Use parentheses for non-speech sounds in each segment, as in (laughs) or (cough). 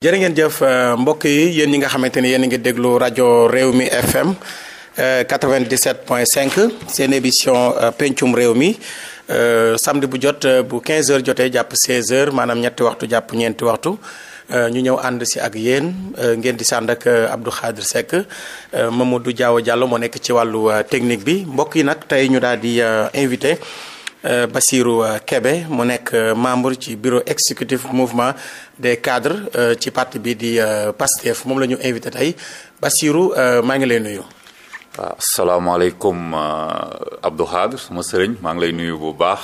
jërë ngeen jëf euh, mbokk yi yéen ñi nga xamante ni yéen a ngi déglu rajo réew mi FM 97.5 euh, seen émission euh, pencum réew mi samedi bu jot bu 15h jotee jàpp 16h maanaam ñetti waxtu jàpp ñeenti waxtu ñu ñëw ànd si ak yéen ngeen di sànd ak Abdou Khadre Seck du Diaw jàll moo nekk ci wàllu technique bi mbokk yi nag tey ñu daal di invité. Euh, Bassirou euh, Kebe mu nekk euh, membre ci bureau exécutif mouvement des cadres ci parti bi di PASTEF moom la ñu invité tey Bassirou maa ngi lay nuyu. waaw ah, asalaamaaleykum Abdou Khadre sama sëriñ maa ngi lay nuyu bu baax.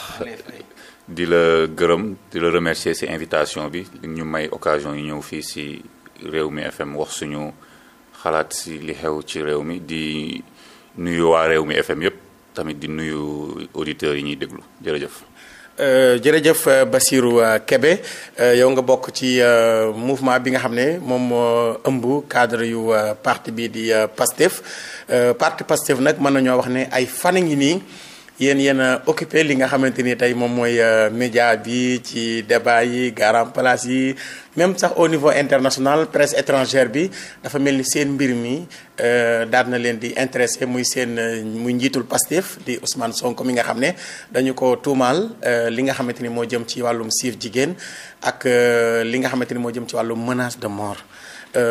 di la gërëm di la remercier ci invitation bi ñu may occasion yu ñëw fii ci réew mi FM wax suñu xalaat ci li xew ci réew mi di nuyu waa réew mi FM yépp tamit di nuyu auditeurs yi ñuy déglu jërëjëf. Euh, jërëjëf euh, Bassirou euh, Kébé euh, yow nga bokk ci euh, mouvement bi nga xam ne moom moo ëmb cadre yu euh, parti bii di Pastef parti Pastef nag mën nañoo wax ne ay fan a ngi nii. yéen yenn a li nga xamante ni tey moom mooy euh, média bi ci débat yi garam place yi même sax au niveau international presse étrangère bi dafa mel ni seen mbir mi euh, daal na leen di intéressé muy seen euh, muy njiitul Pastef di Ousmane Sonko mi nga xam ne dañu ko tuumaal li nga xamante ni moo jëm ci wàllum siif jigéen ak li nga xamante ni moo jëm ci wàllum menace de mort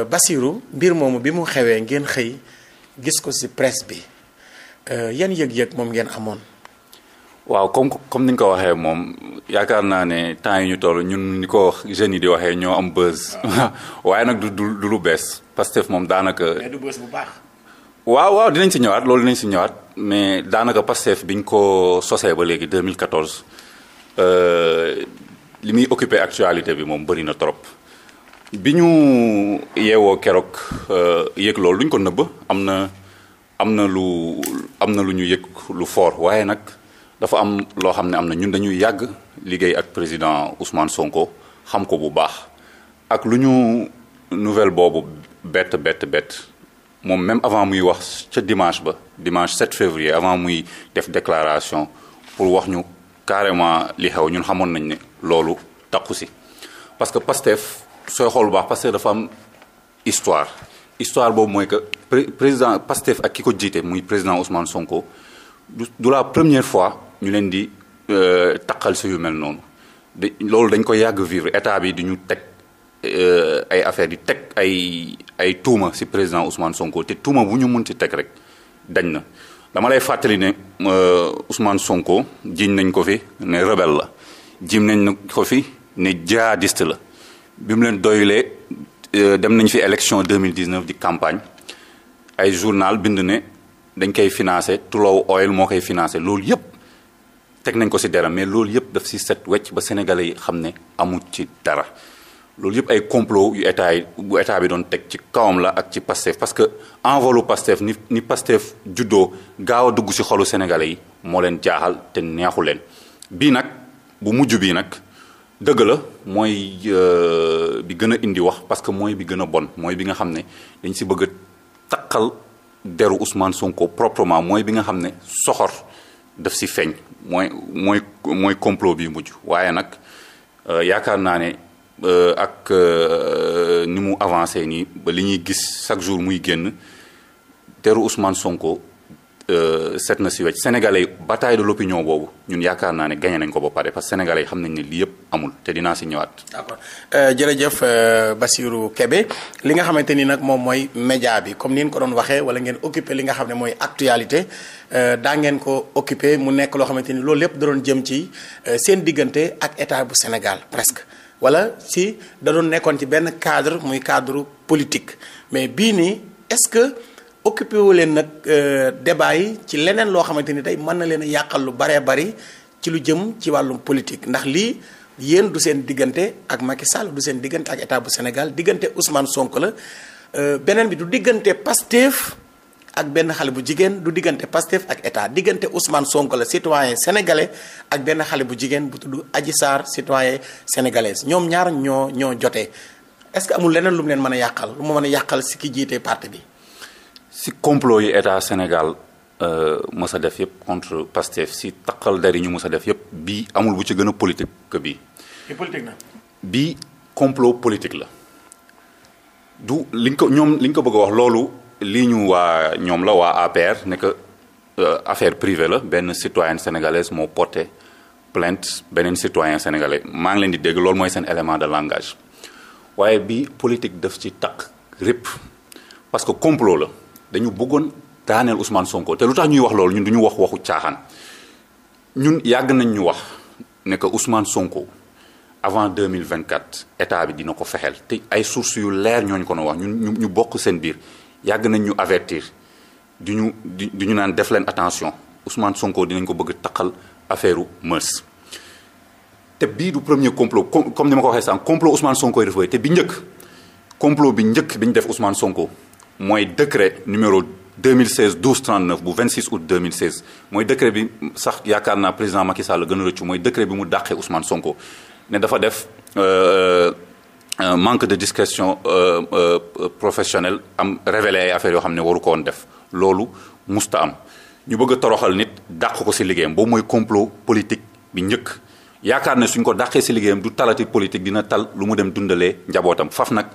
bassiru mbir moomu bi mu xewee ngeen xëy gis ko si presse bi yan yëg-yëg moom ngeen amoon. waaw comme comme ni nga ko waxee moom yaakaar naa ne temps yi ñu toll ñun ni ko jeunes yi di waxee ñoo am buzz. (laughs) waaye nag du du lu bees Pastef moom daanaka. mais du bu baax. waaw waaw dinañ si ñëwaat loolu dinañ si ñëwaat mais daanaka Pastef bi ñu ko sosee ba léegi 2014 euh, li muy occupé actualité bi moom bëri na trop. bi ñu yeewoo keroog euh, yëg loolu lu ñu ko nëbb am na am na lu am na lu ñu yëg lu fort waaye nag. dafa am loo xam ne am na ñun dañuy yàgg liggéey ak président Ousmane Sonko xam ko bu baax ak lu ñu nouvelle boobu bett bett bett moom même avant muy wax ca dimanche ba dimanche 7 février avant muy def déclaration pour wax ñu carrément li xew ñun xamoon nañ ne loolu takku si parce que Pastef sooy xool bu baax Pastef dafa am histoire histoire boobu mooy que président Pastef ak ki ko jiite muy président Ousmane Sonko. du la première fois ñu leen di euh, taqal si yu mel noonu de loolu dañ koy yàgg vivre état bi di ñu teg euh, ay affaire di teg ay ay tuuma si président Ousmane Sonko te tuuma bu ñu mun ci teg rek dañ na dama lay fàttali ne euh, Ousmane Sonko jiiñ nañ ko fi ne rebelle la jim nañ ko fi ne jihadiste la bi mu leen doyulee dem nañ fi élection 2019 di campagne ay journal bind ne dañ koy financé Tullow Oil moo koy financé loolu yëpp teg nañ ko ci dara mais loolu yëpp daf si set wecc ba sénégalais yi xam ne amul ci dara loolu yëpp ay complot yu état yi bu état bi doon teg ci kawam la ak ci Pastef parce que envolu Pastef ni ni Pastef juddoo gaaw a dugg ci xolu sénégalais yi moo leen jaaxal te neexu leen bii nag bu mujj bii nag dëgg la mooy euh, bi gën a indi wax parce que mooy bi gën a bon mooy bi nga xam ne dañ si bëgg a taqal deru Ousmane Sonko proprement mooy bi nga xam ne soxor daf si feeñ mooy mooy mooy complot bi mujj waaye nag euh, yaakaar naa ne euh, ak euh, ni mu avancé nii ba li ñuy gis chaque jour muy génn deru Ousmane Sonko. Euh, set na si wecc sénégalais yi bataille de boobu ñun yaakaar naa ne gagné nañ ko ba pare parce que sénégalais yi xam nañ ne lii yëpp amul te dinaa si ñëwaat. d'accord euh, jërëjëf euh, Bassirou kebe li nga xamante ni nag moom mooy média bi comme ni ko doon waxee wala ngeen occupé li nga xam ne mooy actualité daa ngeen ko occupé mu nekk loo xamante ni loolu lépp da doon jëm ci seen diggante ak état bu Sénégal presque wala si da doon nekkoon ci benn cadre muy cadre politique mais bii nii est-ce que. occupé wu leen nag euh, débat yi ci leneen loo xamante ni day mën na leen a yàqal lu baree bari ci lu jëm ci wàllum politique ndax lii yéen du seen diggante ak Macky Sall du seen diggante ak état bu Sénégal diggante Ousmane sonk la euh, beneen bi du diggante Pastef ak benn xale bu jigéen du diggante Pastef ak état diggante Ousmane Sonko la citoyen sénégalais ak benn xale bu jigéen bu tudd aji Sarr citoyen sénégalaise ñoom ñaar ñoo ñoo jotee est-ce que amul leneen lu leen mën a yàqal lu mu mën a yàqal si ki jiite parti bi. si complot yi état Sénégal euh, mës a def yëpp contre Pastef si taqal dari ñu mës a def yëpp bii amul bu ci gën a politique bi bii. politique na. complot politique la. du liñ ko ñoom li liñ ko bëgg a wax loolu lii ñu waa ñoom la waa APR ne que euh, affaire privée la benn citoyenne sénégalaise moo porté plainte beneen citoyen sénégalais maa ngi leen di dégg loolu mooy seen élément de langage waaye bii politique def ci takk rëpp parce que complot la. dañu bëggoon daaneel Ousmane Sonko te lu tax ñuy wax loolu ñun du ñu wax waxu caaxaan ñun yàgg nañ ñu wax ne que Ousmane Sonko avant 2024 état bi dina ko fexeel te ay sources yu leer ñooñu ko no wax ñun ñu bokk seen biir yàgg nañ ñu avertir du ñu du ñu naan def leen attention Ousmane Sonko dinañ ko bëgg taqal affaire u mœurs te bii du premier complot comme ni ma ko waxee sànq complot Ousmane Sonko yi def te bi njëkk complot bi njëkk bi ñu def Ousmane Sonko mooy décret numéro 2016 12 39 bu 26 août 2016 mooy décret bi sax yaakaar naa président Macky Sall la gën a rëccu mooy décret bi mu dàqee Ousmane Sonko ne dafa def euh, euh, manque de discrétion euh, professionnel am révélé ay affaires yoo xam ne waru ko woon def loolu musta am ñu bëgg a toroxal nit dàq ko si liggéeyam boobu mooy complot politique bi njëkk yaakaar ne suñ ko dàqee ci liggéeyam du talati politique dina tal lu mu dem dundalee njabootam faf nag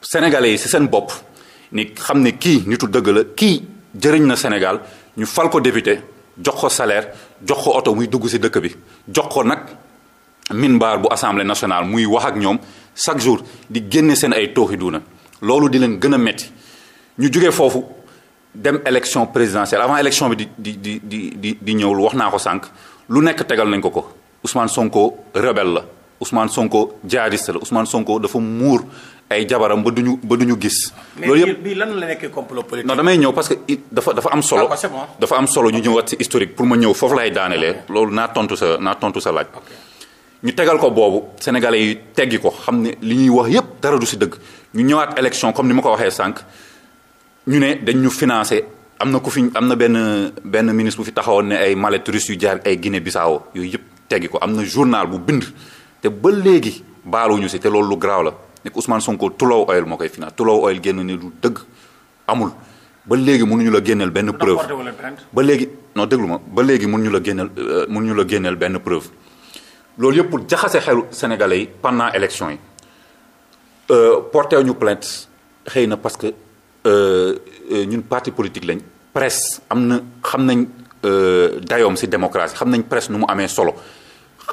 sénégalais yi si seen bopp. ni xam ne kii nitu dëgg la kii jëriñ na Sénégal ñu fal ko député jox ko salaire jox ko oto muy dugg ci dëkk bi jox ko nag min minbaar bu assemblée nationale muy wax ak ñoom chaque jour di génne seen ay tooxi duuna loolu di leen gën a metti ñu jógee foofu dem élection présidentielle avant élection bi di di di di di ñëwul wax naa ko sànq lu nekk tegal nañ ko ko Ousmane Sonko rebelle la Ousmane Sonko jaariste la Ousmane Sonko dafa muur ay jabaram ba du duñu ba ñu gis. loolu yëpp mais lan la nekkee complot politique. non damay ñëw parce que dafa dafa am solo. Ah, dafa am solo ñu ñëwaat si historique pour ma ñëw foofu laay daanelee. loolu naa tontu sa naa tontu sa laaj. ñu tegal ko boobu sénégalais yi teggi ko xam ne li ñuy wax yëpp dara du si dëgg ñu ñëwaat élection comme ni ma ko waxee sànq ñu ne dañu ñu financé am na ku fi am na benn benn ministre bu fi taxawoon ne ay mallette russe yu jaar ay Guinée Bissau yooyu yëpp teggi ko am na journal bu bind te ba léegi baaluñu si te loolu garaaw la. nekk Ousmane Sonko Tullow Oil moo koy financé Tullow Oil génn ni du dëgg amul ba léegi mënuñu la génneel benn preuve ba léegi non déglu ma ba léegi ñu la génneel euh, mënuñu la génneel benn preuve loolu yëpp pour jaxase xelu sénégalais yi pendant élection yi euh, porté ñu plainte xëy na parce que euh, ñun parti politique lañ presse am na xam nañ dayoom ci démocratie xam nañ presse nu mu amee solo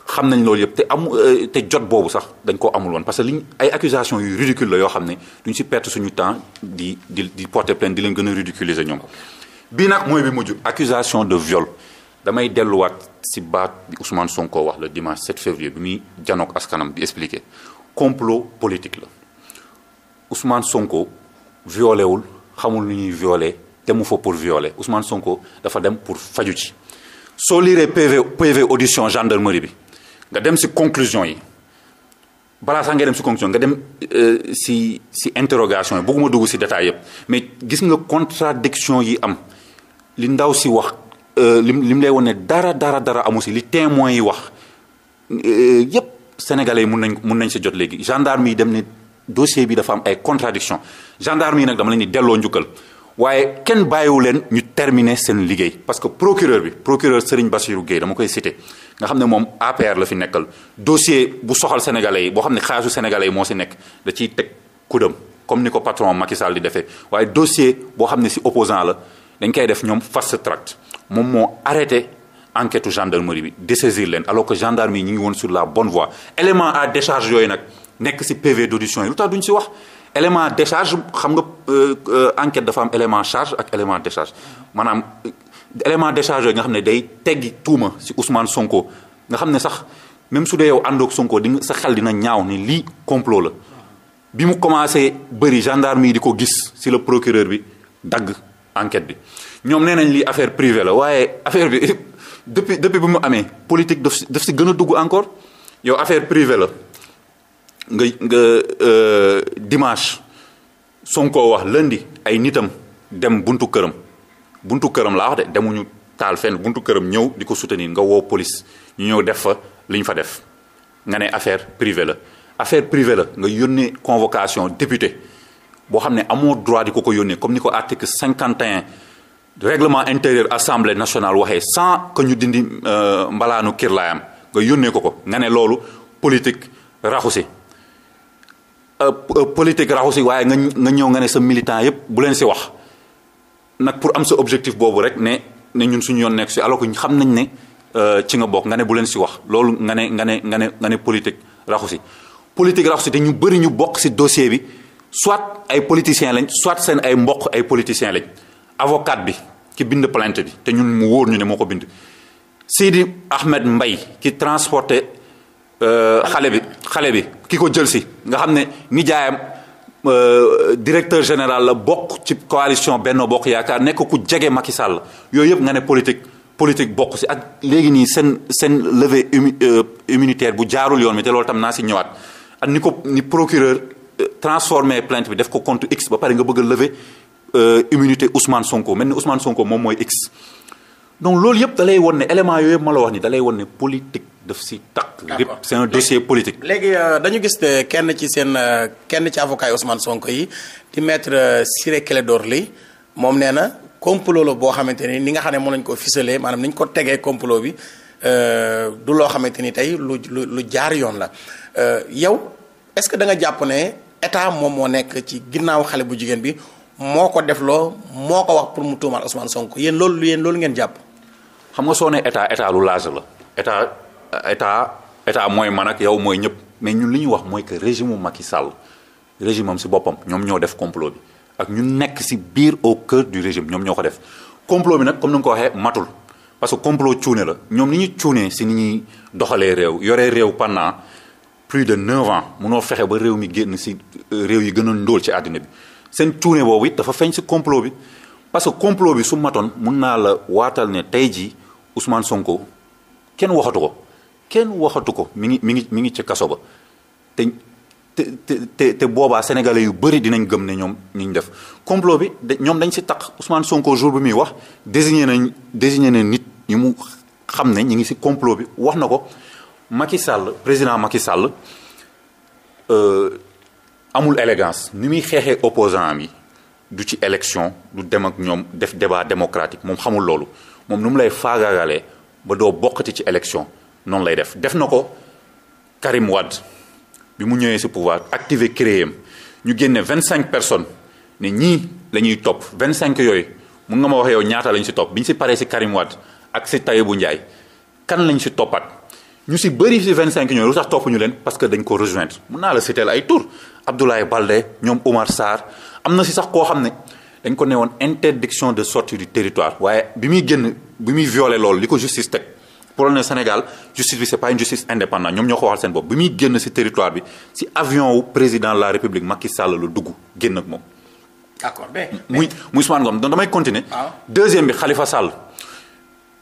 xam nañ loolu yëpp te amu euh, te jot boobu sax dañ ko amul woon parce que liñ ay accusations yu ridicule la yoo xam ne duñ si perte suñu temps di di di porter plainte di leen gën a ridiculiser ñoom bii nag mooy bi mujj accusation de viol damay delluwaat si baat bi Ousmane Sonko wax le dimanche 7 février bi muy janook askanam di expliquer complot politique la Ousmane Sonko violé wul xamul nu ñuy violé demu fa pour violer Ousmane Sonko dafa dem pour faju ci soo liiree PV PV audition gendarmerie bi nga dem si conclusion yi balaa sax nga dem si conclusion nga dem si euh, si interrogation yi bëgguma dugg si détail yëpp mais gis nga contradiction yi am li ndaw si wax euh, lim lim lay wane dara dara dara amu si li témoin yi wax euh, yëpp sénégalais yi mun nañ mun nañ si jot léegi gendarme yi dem ne dossier bi dafa am ay contradiction gendarme yi nag dama lañuy delloo njukkal waaye kenn bàyyiwu leen ñu terminer seen liggéey parce que procureur bi procureur Serigne Bassirou Guèye dama koy cité nga xam ne moom APR la fi nekkal dossier bu soxal sénégalais yi boo xam ne xaalisu sénégalais yi moo si nekk da ciy teg kudam comme ni ko patron Macky Sall di defee waaye dossier boo xam ne si opposant la dañ koy def ñoom fast track moom moo arrêté enquête gendarmerie bi désaisir leen alors que gendarmerie ñu ngi woon sur la bon voie élément à décharge yooyu nag nekk ci PV d'audition yi lu tax duñ ci wax élément décharge xam nga euh, euh, enquête dafa am élément charge ak élément décharge maanaam euh, élément décharge yooyu nga xam ne day teggi tuuma ci Ousmane Sonko nga xam ne sax même su dee yow àndoog Sonko di sa xel dina ñaaw ni lii complot la bi mu commencé bëri gendarme yi di ko gis ci le procureur bi dagg enquête bi ñoom nee nañ lii affaire privée la waaye affaire bi (laughs) depuis depuis bi mu amee politique daf ci daf gën a dugg encore yow affaire privée nga nga euh, dimanche Sonko wax lundi ay nitam dem buntu këram buntu këram laa wax de demuñu taal fenn buntu këram ñëw di ko soutenir nga woo police ñu ñëw def fa li ñu fa def nga ne affaire privée la affaire privée la nga yónnee convocation député boo xam ne amoo droit di ko ko yónnee comme ni ko article 51 règlement intérieur assemblée nationale waxee sans que ñu dindi euh, mbalaanu kirlaayam nga yónnee ko ko nga ne loolu politique raxu Euh, euh, politique raxu si waaye nga nga ñëw nga ne sa militant yëpp bu leen si wax nag pour am sa objectif boobu rek ne ne ñun suñu yoon nekk si alors que xam nañ ne euh, ci nga bokk nga ne bu leen si wax loolu nga ne nga ne nga ne nga ne politique raxu si politique si te ñu bëri ñu bokk si dossier bi soit ay politiciens lañ soit seen ay mbokk ay politiciens lañ avocat bi ki bind plainte bi te ñun mu wóor ñu ne moo ko bind Sidi Ahmed Mbaye ki transporté Euh, xale bi xale bi ki ko jël si nga xam ne nijaayam euh, directeur général la bokk ci coalition Benno Bokk Yaakaar nekk ku jege Macky Sall yooyu yëpp nga ne politique politique bokk si ak léegi nii seen seen leve levée euh, immunitaire bu jaarul yoon mi te loolu tam naa si ñëwaat ak ni ko ni procureur transformé plant bi def ko compte X ba pare nga bëgg a lever immunité Ousmane Sonko mel ni Ousmane Sonko moom mooy X. donc loolu yëpp da lay won ne élément yooyu yëpp ma la wax ni da lay won ne politique daf si takk. lépp c'est un dossier politique. léegi euh, dañu gis ne kenn ci seen euh, kenn ci avocat osman sonk Sonko yi di maître euh, Ciré Clédor Ly moom nee na complot la boo xamante ni ni nga xam ne mën nañu ko ficeler maanaam ni ko tegee complot bi du loo xamante ni tey lu lu lu jaar yoon la yow est-ce que da nga jàpp ne état moom moo nekk ci ginnaaw xale bu jigéen bi moo ko def loo moo ko wax pour mu tuumaal Ousmane Sonko yéen loolu yéen loolu ngeen jàpp. xam nga soo nee état état lu large la état état état mooy man ak yow mooy ñëpp mais ñun li ñuy wax mooy que régime mu yi Sall régime am si boppam ñoom ñoo def complot bi ak ñu nekk si biir au cœur du régime ñoom ñoo ko def complot bi nag comme ni nga ko waxee matul parce que complot cuune la ñoom ni ñu cuunee si ni ñuy doxalee réew yoree réew pendant plus de neuf ans munoo fexe ba réew mi génn si euh, réew yi gën a ndóol ci àddina bi seen cuune boobu it dafa feeñ si complot bi parce que complot bi su matoon mun naa la waatal ne tey jii Ousmane Sonko kenn waxatu ko kenn waxatu ko mi ngi mi ngi mi ngi ci kaso ba te te te te boobaa sénégalais yu bëri dinañ gëm ne ñoom ñu def complot bi da ñoom dañ si taq Ousmane Sonko jour bi muy wax désigné nañ désigné na nit ñi mu xam ne ñu ngi si complot bi wax na ko Macky Sall président Macky Sall euh, amul élégance ni muy xeexee opposant am yi du ci élection du dem ak ñoom def débat démocratique moom xamul loolu. moom nu mu lay faagaagalee ba doo bokkati ci élection noonu lay def def na ko Karim Wade bi mu ñëwee si pouvoir activer CREAM ñu génne vingt cinq personnes ne ñii la ñuy topp vingt cinq yooyu mun nga ma wax ñaata lañ si topp bi ñu si paree si Karim Wade ak si Tahibou Ndiaye kan lañ si toppaat ñu si bëri si vingt cinq ñooyu lu tax topp leen parce que dañ ko rejoindre mun naa la citer ay tur Abdoulaye Baldé ñoom Oumar Sarr am na si sax koo xam ne dañ ko newoon interdiction de sortie du territoire waaye bi muy génn bi muy violé loolu li ko justice teg pour le Sénégal justice bi c'est pas une justice indépendante ñoom ñoo ko waxal seen bopp bi muy génn ci territoire bi ci avion wu président de la République Macky Sall lu dugg génn ak moom. d'accord mais muy muy Ousmane Ngom donc damay continuer. Ah. deuxième bi xalifa Sall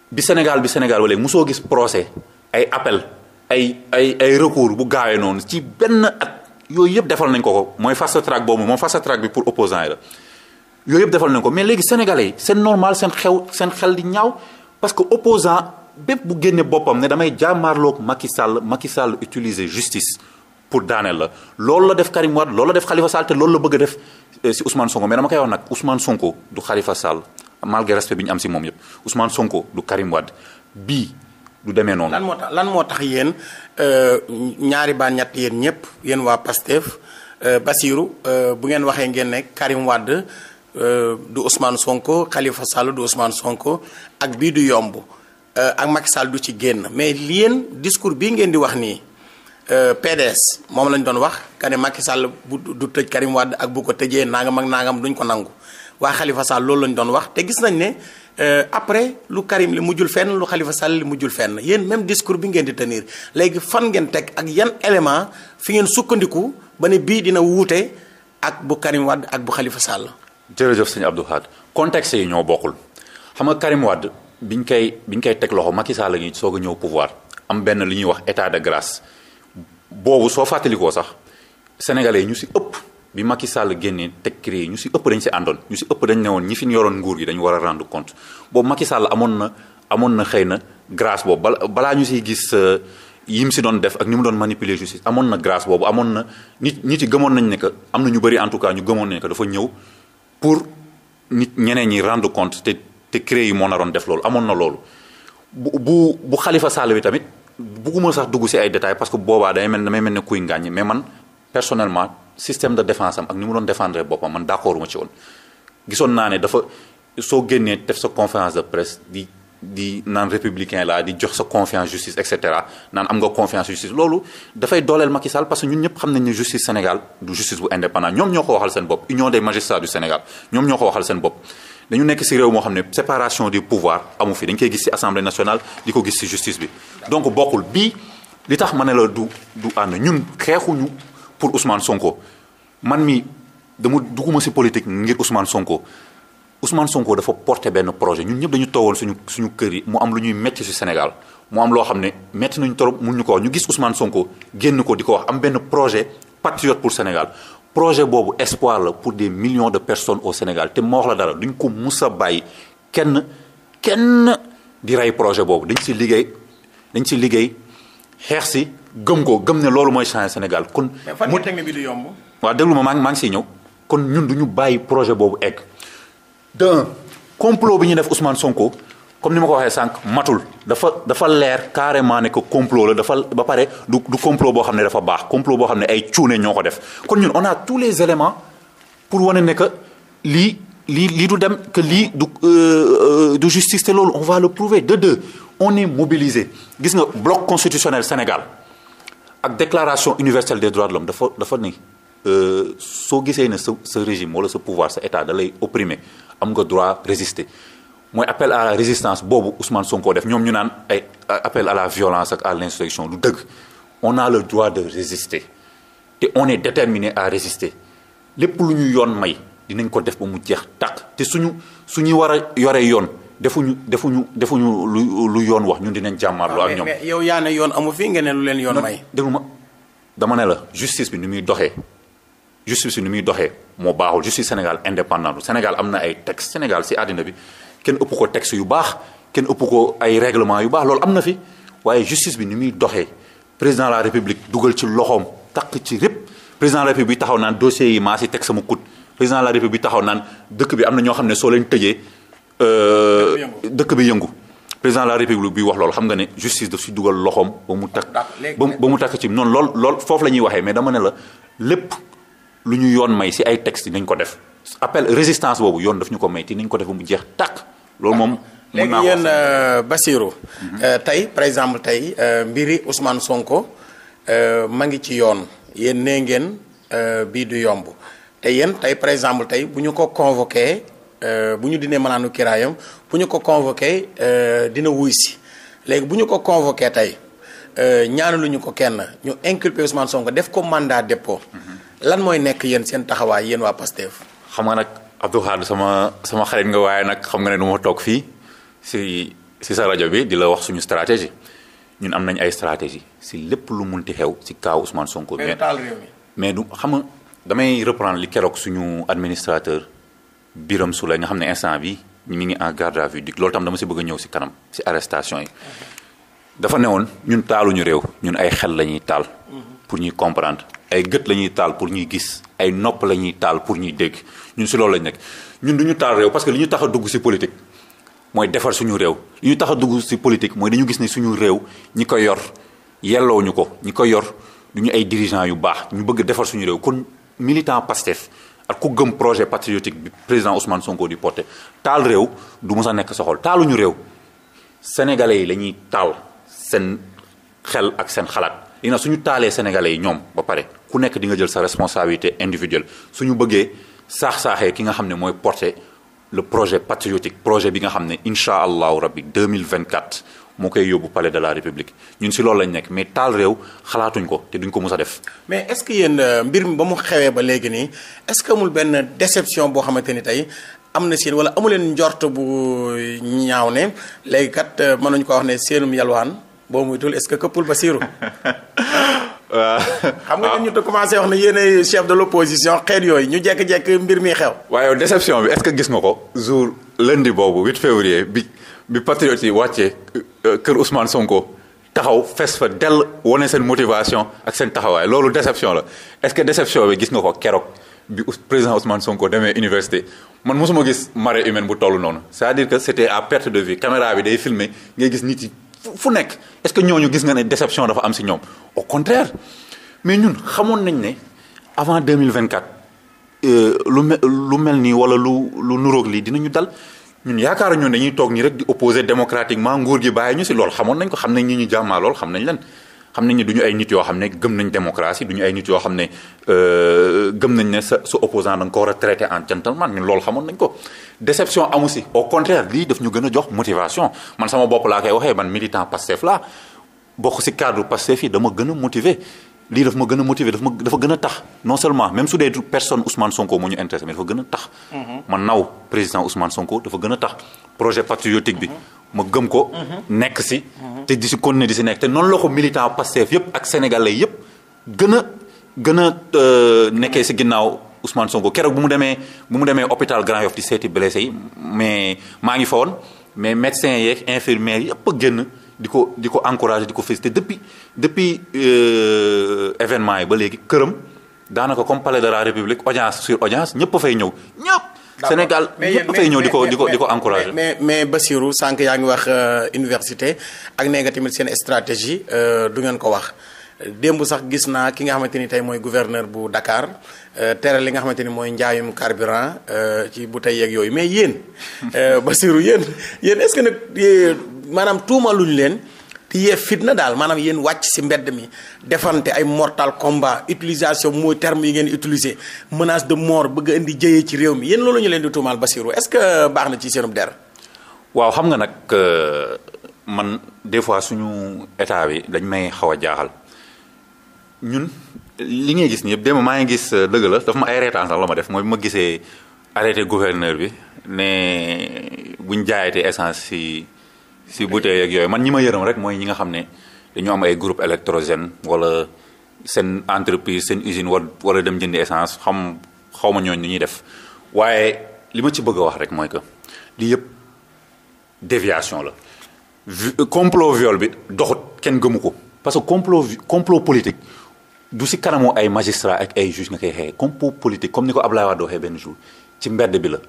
bi Sénégal bi Sénégal wala mosoo gis procès ay appel ay ay ay recours bu gaawee noonu ci benn at yooyu yëpp defal nañ ko ko mooy fast track boobu moom fast pour opposant la. yooyu yëpp defal nañ ko mais léegi sénégalais yi c'est normal seen xew seen xel di ñaaw parce que opposant bépp bu génne boppam ne damay jaamaarloog Macky Sall Macky Sall utiliser justice pour daaneel la loolu la def Karim Wade def Khalifa Sall loolu la bëgg a def euh, si Ousmane Sonko mais dama koy wax nag Ousmane Sonko du Khalifa Sall malgré respect bi ñu am si moom yëpp Ousmane Sonko du Karim Wade bii du demee noonu. lan moo lan moo tax yéen euh, ñaari baa yéen ñëpp yéen waa PASTEF euh, Basirou bu ngeen waxee ngeen ne Karim Wade. Euh, du Ousmane Sonko Khalifa Sall du Ousmane Sonko ak bii du yomb euh, ak Macky Sall du ci génn mais yéen discours bii ngeen di wax nii euh, PDS moom lañu doon wax ka ne Macky Sall bu du tëj Karim Wade ak bu ko tëjee nangam ak naangam duñ ko nangu waa xalifa Sall loolu lañ doon wax te gis nañ ne. Euh, après lu Karim li mujjul fenn lu xalifa Sall li mujjul fenn yéen même discours bi ngeen di tenir léegi fan ngeen teg ak yan élément fi ngeen sukkandiku ba ne bii dina wuute ak bu Karim ak bu Khalifa Sall. jërëjëf sëñ Abdou Khadre contexte yi ñoo bokkul xam nga Karim Wade biñ koy biñ koy teg loxo Macky Sall la ngi soog a ñëw pouvoir am benn li ñuy wax état de grâce boobu soo fàttalikoo sax sénégalais yi ñu si ëpp bi Macky Sall génnee teg yi ñu si ëpp dañ si àndoon ñu si ëpp dañ ne ñi fi yoroon nguur gi dañu war a rendre compte boobu Macky Sall amoon na amoon na xëy na grâce boobu bala balaa ñu siy gis euh, yi mu si doon def ak ni mu doon manipuler justice amoon na grâce boobu amoon na nit ñi ci gëmoon nañ ne que am na bëri en tout cas ñu gëmoon nañ que dafa ñëw pour nit ñeneen ñi rendre compte te te CREI yi moo naroon def loolu amoon na loolu bu bu bu Khalifa Sall bi tamit bugguma sax dugg si ay détails parce que boobaa day mel ni may mel ne kuy ngàññi mais man personnellement système de défense am ak ni mu doon défendre boppam man d' accord ma ci woon gisoon naa ne dafa soo génnee def sa conférence de presse di. di naan républicain la di jox sa confiance justice et cetera naan am nga confiance justice loolu dafay dooleel Macky Sall parce que ñun ñëpp xam nañ ne justice Sénégal du justice bu indépendant ñoom ñoo ko waxal seen bopp union des magistrats du Sénégal ñoom ñoo ko waxal seen bopp dañu nekk si réew moo xam ne séparation des pouvoirs amu fi dañ koy gis ci assemblée nationale di ko gis ci justice bi donc bokkul bii li tax ma ne la du du ànd ñun xeexuñu pour Ousmane Sonko man mi dama dugguma ci politique ngir Ousmane Sonko Ousmane Sonko dafa porté benn projet ñun ñëpp dañu toogoon suñu suñu kër yi mu am lu ñuy métti si Sénégal mu am loo xam ne metti nañu trop mu ñu ko wax ñu gis Ousmane Sonko génn ko di ko wax am benn projet patriote pour Sénégal projet boobu espoir la pour des millions de personnes au Sénégal te moo wax la dara duñ ko mus a bàyyi kenn kenn di rey projet boobu dañ si liggéey dañ si liggéey xeex si gëm ko gëm ne loolu mooy changer Sénégal kon. mu mais bi du yomb. waaw déglu ma maa maa ngi siy ñëw kon ñun du ñu bàyyi projet boobu egg. de un complot bi ñu def Ousmane Sonko comme ni ma ko waxee sànq matul dafa dafa leer carrément ne que complot la dafa ba pare du du complot boo xam ne dafa baax complot boo xam ne ay cuune ñoo ko def kon ñun on a tous les éléments pour wane ne que lii lii lii du dem que lii du euh, euh, du justice te loolu on va le prouver de deux on est mobilisé gis nga bloc constitutionnel Sénégal ak déclaration universelle des droits de l'homme dafa dafa ni euh, soo gisee ne sa sa régime wala sa pouvoir sa état da lay opprimer am nga droit résister mooy appel à résistance boobu Ousmane Sonko def ñoom ñu naan ay appel à la violence ak à l'insurrection du dëgg on a le droit de résister te on est déterminé à résister lépp lu ñu yoon may dinañ ko def ba mu jeex takk te suñu suñu war a yore yoon defuñu defuñu defuñu lu lu yoon wax ñun dinañ jàmmarloo ak ah, ñoom. mais yow yaa ne yoon amu fii nga ne lu leen yoon may. déglu ma dama ne la justice bi ni muy doxee. justice ni muy doxee moo baaxul justice Sénégal indépendant Sénégal am na ay texte Sénégal si àddina bi kenn ëpp ko texte yu baax kenn ëpp ko ay règlement yu baax loolu am na fi waaye justice bi ni muy doxee président la république dugal ci loxoom takk ci rëpp président de la république taxaw naan dossiers yi maa si teg sama kut président de la république taxaw naan dëkk bi am na ñoo xam ne soo leen tëjee. Euh, dëkk bi yëngu président la république bi wax loolu xam nga ne justice daf si dugal loxoom ba mu takk ba mu takk ci noonu lool lool foofu la ñuy waxee mais dama ne la lépp. lu ñu yoon may si ay text textes nañ ko def appel résistance boobu yoon daf ñu ko may te nañ ko def ba mu jeex tàkk loolu moom. mun naa ko léegi yéen euh, mhm. euh, tey par exemple tey euh, mbiri Ousmane Sonko ma ngi ci yoon yéen nee ngeen bii du yomb te yéen tey par exemple tey bu ñu ko convoqué bu ñu dinee mënaanu kiraayam bu ñu ko convoqué dina wuy si léegi bu ñu ko convoqué tey lu ñu ko kenn ñu inculpé Ousmane Sonko def ko mandat dépôt. Mhm. lan mooy nekk yéen seen taxawaay yéen waa Pastef. xam nga nag Abdou Khadre sama sama xarit nga waaye nag xam nga ne du ma toog fii si si sa rajo bi di la wax suñu stratégie ñun am nañ ay stratégie si lépp lu mun munti xew ci kaaw Ousmane Sonko. mais mais du xam nga damay reprendre keroog suñu administrateur Birame Souleye nga xam ne instant bi mi ngi en garde à vue loolu tam dama si bëgg a ñëw si kanam si arrestation yi. dafa newoon ñun taaluñu réew ñun ay xel la taal. Mhm. pour ñuy comprendre ay gët la ñuy taal pour ñuy gis ay nopp la ñuy taal pour ñuy dégg ñun si loolu lañ nekk ñun du ñu taal réew parce que li ñu tax a dugg si politique mooy defar suñu réew li ñu tax a dugg si politique mooy dañu gis ni suñu réew ñi ko yor yelloo ko ñi ko yor du ñu ay dirigeants yu baax ñu bëgg defar suñu réew kon militant Pastef ak ku gëm projet patriotique bi président Ousmane Sonko di porté taal réew du mës a nekk soxol taaluñu réew sénégalais yi la ñuy seen xel ak seen xalaat dina suñu taalee sénégalais yi ñoom ba pare ku nekk di nga jël sa responsabilité individuelle suñu bëggee saax-saaxee ki nga xam ne mooy porter le projet patriotique projet bi nga xam ne incha allahu rabbi 2024 moo koy yóbbu pale de la république ñun si loolu lañ nekk mais taal réew xalaatuñ ko te duñ ko mus a def. mais est-ce que yéen euh, mbir mi ba mu xewee ba léegi nii est-ce que amul benn déception boo xamante ni tey am na seen wala amu leen njort bu ñaaw ne léegi kat euh, mënuñ ko wax ne seenum yalwaan. boo muytul est-ce que këppul Bassirou (laughs) waaw xam nga ñun ñu commencé wax ne yéen chef de l'opposition xeet yooyu ñu jekk-jekk mbir mi xew. waaye déception bi est gis nga ko jour lundi boobu 8 février bi bi patriote yi wàccee euh, euh, kër Ousmane Sonko taxaw fes fa dell wane seen motivation ak seen taxawaay loolu déception la est-ce bi gis nga ko keroog bi président Ousmane Sonko demee université man mosuma gis marée humaine bu toll noonu c'est-à-dire que c'était à perte de vue caméra bi day filmer ngay gis nit yi. fu nekk est-ce que ñooñu gis nga ne déception dafa am si ñoom au contraire mais ñun xamoon nañ ne avant mille vingt 2024 euh, lu mel lu mel nii wala lu lu nuróog lii dinañu dal ñun yaakaar ñun dañuy toog nii rek di opposer démocratiquement nguur gi bàyyi ñu si lool xamoon nañ ko xam nañ ñu ñu jàmmaa lool xam nañ leen xam nañ ne du ñu ay nit yoo xam ne gëm nañ démocratie du ñu ay nit yoo xam ne euh, gëm nañ ne sa sa opposant da nga ko war a traité en gentleman ni loolu xamoon nañ ko déception amu si au contraire lii daf ñu gën a jox motivation man sama bopp laa koy waxee man militant Pastef laa bokk si cadre Pastef yi dama gën a motiver lii daf ma gën a motiver daf ma dafa gën a tax non seulement même su dee personne Ousmane Sonko moo ñu intéressé mais dafa gën a tax. Mhm. ma naw président Ousmane Sonko dafa gën a tax projet patriotique bi. Mhm. ma gëm ko. Mhm. nekk si. te di si continuer di si nekk te noonu la ko militant Pastef yëpp ak sénégalais yëpp gën a gën a euh, nekkee si ginnaaw Ousmane Sonko keroog bu mu demee bu mu demee hôpital Grand Yoff di seeti blessé yi mais maa ngi fa woon mais médecins yeeg infirmières yëpp a génn. di ko di ko encouragé di ko félicité depuis depuis euh, événement yi ba léegi këram daanaka comme palais de la république audience sur audience ñëpp a fay ñëw ñëpp. Sénégal ñëpp fay ñëw di ko di ko di ko encouragé. mais mais Bassirou sànq yaa ngi wax euh, université ak nee nga tamit seen stratégie euh, du ngeen ko wax. démb sax gis naa ki nga xamante ni tey mooy gouverneur bu Dakar tere li nga xamante ni mooy njaayum carburant ci bu tey yeeg yooyu mais yéen Bassirou yéen yéen est-ce que nag maanaam tuumaluñ leen te yee fitna daal maanaam yéen wàcc si mbedd mi defante ay mortal combat utilisation mooy terme yi ngeen utiliser menace de mort bëgg indi jëyee ci réew mi yéen loolu ñu leen di tuumaal Bassirou est-ce que baax na ci seenub der waaw xam nga nag euh, man des fois suñu état bi dañ may xaw a jaaxal ñun li ngay gis nii yëpp démb maa ngi gis euh, dëgg la dafa ma ay reetaan sax la ma def mooy bu ma gisee arrêté gouverneur bi ne buñ jaayatee essence si si bouteille yeeg yooyu man ñi ma yërëm rek mooy ñi nga xam ne dañoo am ay groupe électrogène wala seen entreprise seen usine war war dem jëndi essence xam xaw ma ñooñ ni ñuy def waaye li ma ci bëgg a wax rek mooy que lii yëpp déviation la. complot viol bi doxut kenn gëmu ko parce que complot complot politique du si kanamu ay magistrat ak ay juge nga koy xeexee complot politique comme ni ko Ablaye Wade waxee benn jour ci mbedd bi la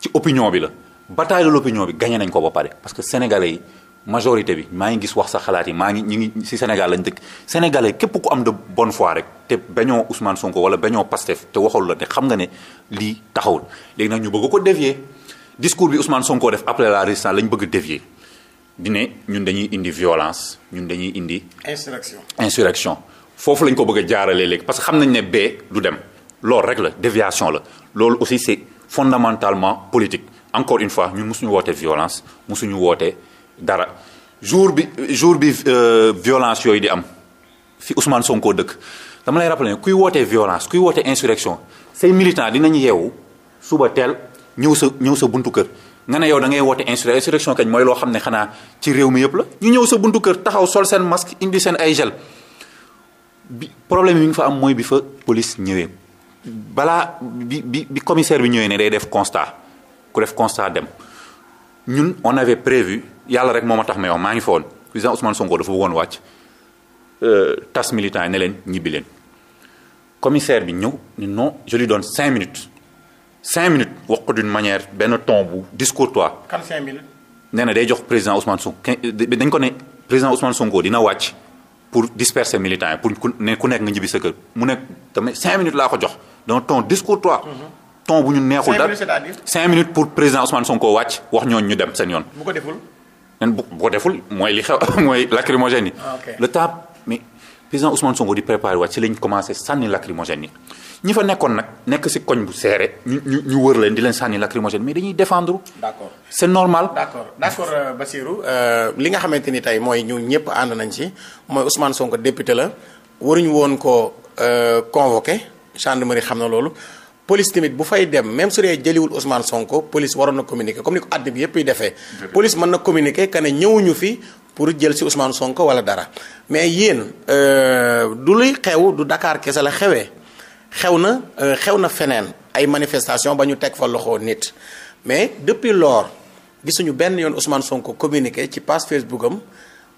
ci opinion bi la. bataille de l'opinion bi gagné nañ ko ba pare parce que sénégalais yi majorité bi maa ngi gis wax sa xalaat yi maa ngi ñu ngi ci Sénégal lañ dëkk sénégalais képp ku am de bonne fois rek te bañoo Ousmane Sonko wala bañoo Pastef te waxul la ne xam nga ne lii taxawul léegi nag ñu bëgg ko dévier discours bi Ousmane Sonko def après la résistance lañ bëgg dévier di ne ñun dañuy indi violence ñun dañuy indi. insurrection insurrection foofu lañ ko bëgg a jaaralee léegi parce que xam nañ ne bee du dem loolu rek la déviation la loolu aussi c'est fondamentalement politique. encore une fois ñun mosuñu woote violence mosuñu woote dara jour bi jour bi euh, violence yooyu di am fi Ousmane Sonko dëkk dama lay rappeler kuy wootee violence kuy wootee insurrection say militant dinañu yeewu suba teel ñëw sa ñëw sa buntu kër nga ne yow da ngay woote insurrection insurrection kañ mooy loo xam ne xanaa ci réew mi yëpp la ñu ñëw sa buntu kër taxaw sol seen masque indi seen ay gel bi problème yi nga fa am mooy bi fa police ñëwee balaa bi bi bi commissaire bi ñëwee ne day def constat ku def constat dem ñun on avait prévu yàlla rek moo ma tax may wax maa ngi foon président Ousmane Sonko dafa bëggoon wàcc euh, tas militant yi ne leen ñibbi leen commissaire bi ñëw ne non je lui donne cinq minutes cinq minutes wax ko d'une manière benn ton bu discourtois. kan cinq minutes. nee na day jox président Ousmane Sonko dañ ko ne président Ousmane Sonko dina wàcc pour disperser militants yi pour ku ne ku nekk nga ñibbi sa kër mu nekk tamit cinq minutes laa ko jox d'un ton discourtois. Mm-hmm. ton bu ñu neexul dal 5 minutes pour président Ousmane Sonko wàcc wax ñooñu ñu dem seen yoon. bu ko deful. nen bu ko deful mooy li xew (laughs) mooy lacrymogène yi. Ah, le temps mais président Ousmane Sonko di préparé wàcc ci lañ commencé sànni lacrymogène yi. ñi fa nekkoon nag nekk ci koñ bu seere ñu ñu wër leen di leen sànni lacrymogène mais dañuy défendre. d'accord c'est normal. d'accord d'accord euh, Bassirou euh, li nga xamante ni tey mooy ñu ñëpp ànd nañ ci mooy Ousmane Sonko député la waruñu woon ko euh, convoqué gendarmerie xam na loolu. police tamit bu fay dem même su dee jëliwul Ousmane Sonko police waroon na communiquer comme ni ko àdd bi yëpp yi defee. police mën na communiquer que ne ñëwuñu fi pour jël si Ousmane Sonko wala dara. mais yéen euh, du luy xew du dakaar kese la xewee xew na euh, xew na feneen ay manifestation ba ñu teg fa loxo nit mais depuis lors gisuñu benn yoon Ousmane Sonko communique ci page Facebook am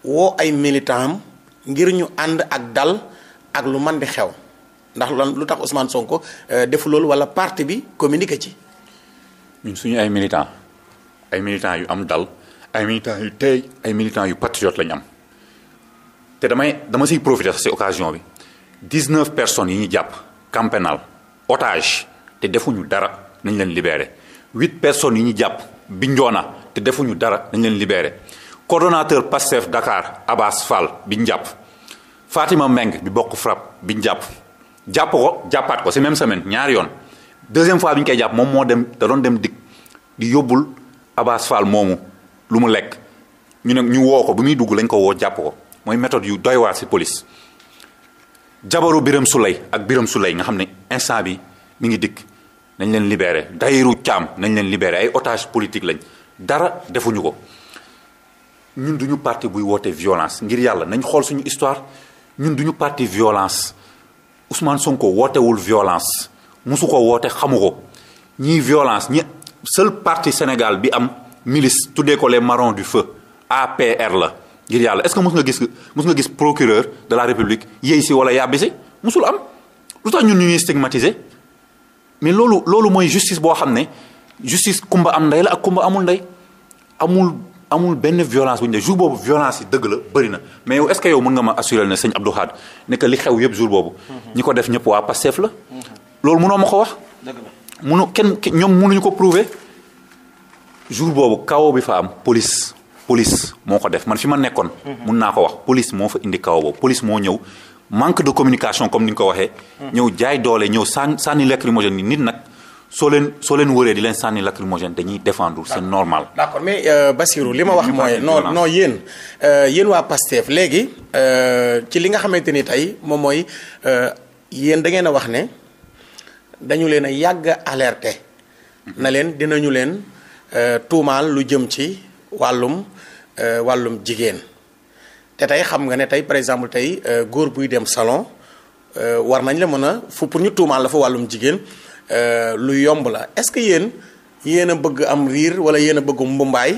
woo ay militant am ngir ñu ànd ak dal ak lu man di xew. ndax lan lu tax Ousmane Sonko euh, defu loolu wala parti bi communiquer ci. ñun suñu ay militants ay militants yu am dal ay militants yu tey ay militants yu patriote lañu am te damay dama siy profiter sax si occasion bi dix-neuf personnes yi ñu jàpp camp pénal otage te defuñu dara nañ leen libéré huit personnes yi ñu jàpp Bignona te defuñu dara nañ leen libéré coordonnateur Pastef Dakar Abass Fall bi ñu jàpp Fatima Meng bi bokk FRAPP bi ñu jàpp. jàpp ko jàppaat ko si même semaine ñaari yoon deuxième fois bi ñu koy jàpp moom moo dem da dem dik di yóbbul Abass Fall moomu lu mu lekk ñu ne ñu woo ko bu muy dugg lañ ko woo jàpp ko mooy méthode yu doy waar si police. jabaru Biram Souley ak Biram Souley nga xam ne instant bi mi ngi dikk nañ leen libéré dayiru caam nañ leen libéré ay otage politique lañ dara defuñu ko ñun duñu parti buy woote violence ngir yàlla nañ xool suñu histoire ñun duñu parti violence Ousmane ko wootewul violence musu ko woote xamu ko ñii violence ñi seul parti Sénégal bi am milice tuddee ko les marrons du feu APR la ngir yàlla est-ce que mos nga gis mos nga gis procureur de la république yey si wala yàbbi si musul am lu tax ñun ñu ñuy stigmatiser mais loolu loolu mooy justice boo xam ne justice kumba am ndey la ak kumba amul ndey amul. amul benn violence bu ñu ne jour boobu violence yi dëgg la bëri mais yow est-ce que yow mën nga ma assurer ne sëñ Abdou Khad li xew yëpp jour boobu. ñi ko def ñëpp waa Pastef la. loolu mënoo ma ko wax. dëgg kenn ñoom mënuñu ko prouver jour boobu kawo bi fa am police. police moo ko def man fi ma nekkoon. mun naa ko wax police moo fa indi kawo boobu police moo ñëw manque de communication comme ni ko waxee. ñëw jaay doole ñëw sànni sànni lacrymogène nit soo leen soo leen wëree di leen sànni lacrymogène dañuy défendre c'est normal. d'accord mais euh, Bassirou li ma wax mooy noo non yéen euh, yéen waa Pastef léegi euh, ci li nga xamante ni tey moom mooy yéen dangeen a wax ne dañu leen a yàgg alerte na leen dinañu leen tuumaal lu jëm ci wàllum wàllum jigéen te tey xam nga ne tey par exemple tey góor buy dem salon. Euh, war nañ la mën a fu pour ñu tuumaal la fa wàllum jigéen euh, lu yomb la est-ce que yéen yéen a bëgg am riir wala yéen a bëgg mbumbaay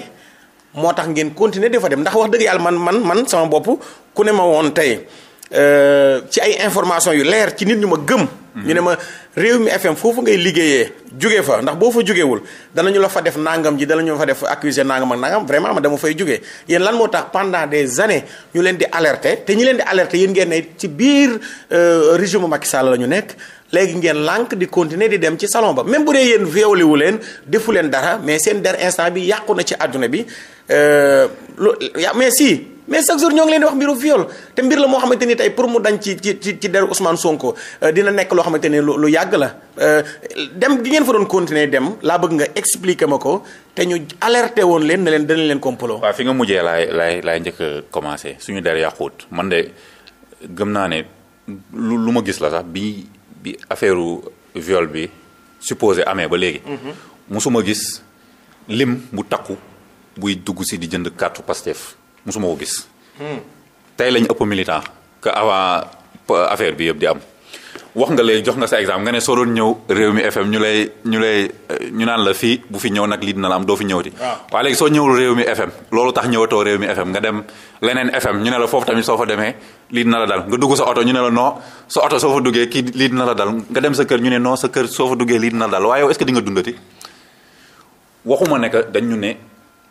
moo tax ngeen continuer de fa dem ndax wax dëgg yàlla man man man sama bopp ku ne ma woon tey Euh, ci ay information yu leer ci nit ñu ma gëm. ñu ne ma réew mi FM foofu ngay liggéeyee jóge fa ndax boo fa jógewul danañu la fa def nangam ji danañu la fa def accuser nangam ak nangam vraiment ma dama fay jóge yéen lan moo tax pendant des années ñu leen di alerter te ñi leen di alerter yéen ngeen ne ci biir euh, régime Macky Sall la ñu nekk. léegi ngeen lànk di continuer di dem ci salon ba même bu dee yéen violé wu leen defu leen dara mais seen der instant bi yàqu na ci àdduna bi euh, lu mais si. mais chaque jour ñoo ngi leen di wax mbiru viol te mbir la moo xamante ni tey pour mu dañ ci ci ci ci deru Ousmane Sonko euh, dina nekk loo xamante ni lu lu yàgg la euh, dem di ngeen fa doon continuer dem laa bëgg nga expliquer ma ko te ñu alerté woon leen ne leen danañ leen complot. waaw fi nga mujjee laay laay laay njëkk a commencé suñu der yàquut man de gëm naa ne lu lu ma gis la sax bi bi affaire viole bi supposé amee ba léegi. mosuma mhm. gis lim bu takku buy dugg si di jënd carte Pastef. mosuma ko gis. tey lañ ëpp militant que avant affaire bi yëpp di am. wax nga léegi jox nga sa exemple nga ne soo doon ñëw réew mi FM ñu lay ñu lay ñu naan la fii bu fi ñëw nag lii dina la am doo fi ñëwti. waaw léegi soo ñëwul réew mi FM loolu tax ñëwatoo réew mi FM nga dem leneen FM ñu ne la foofu tamit soo fa demee lii dina la dal nga dugg sa oto ñu ne noo non sa oto soo fa duggee kii lii dina la dal nga dem sa kër ñu ne non sa kër soo fa duggee lii dina la dal waaye yow nga dundati waxuma ne que dañ ñu ne.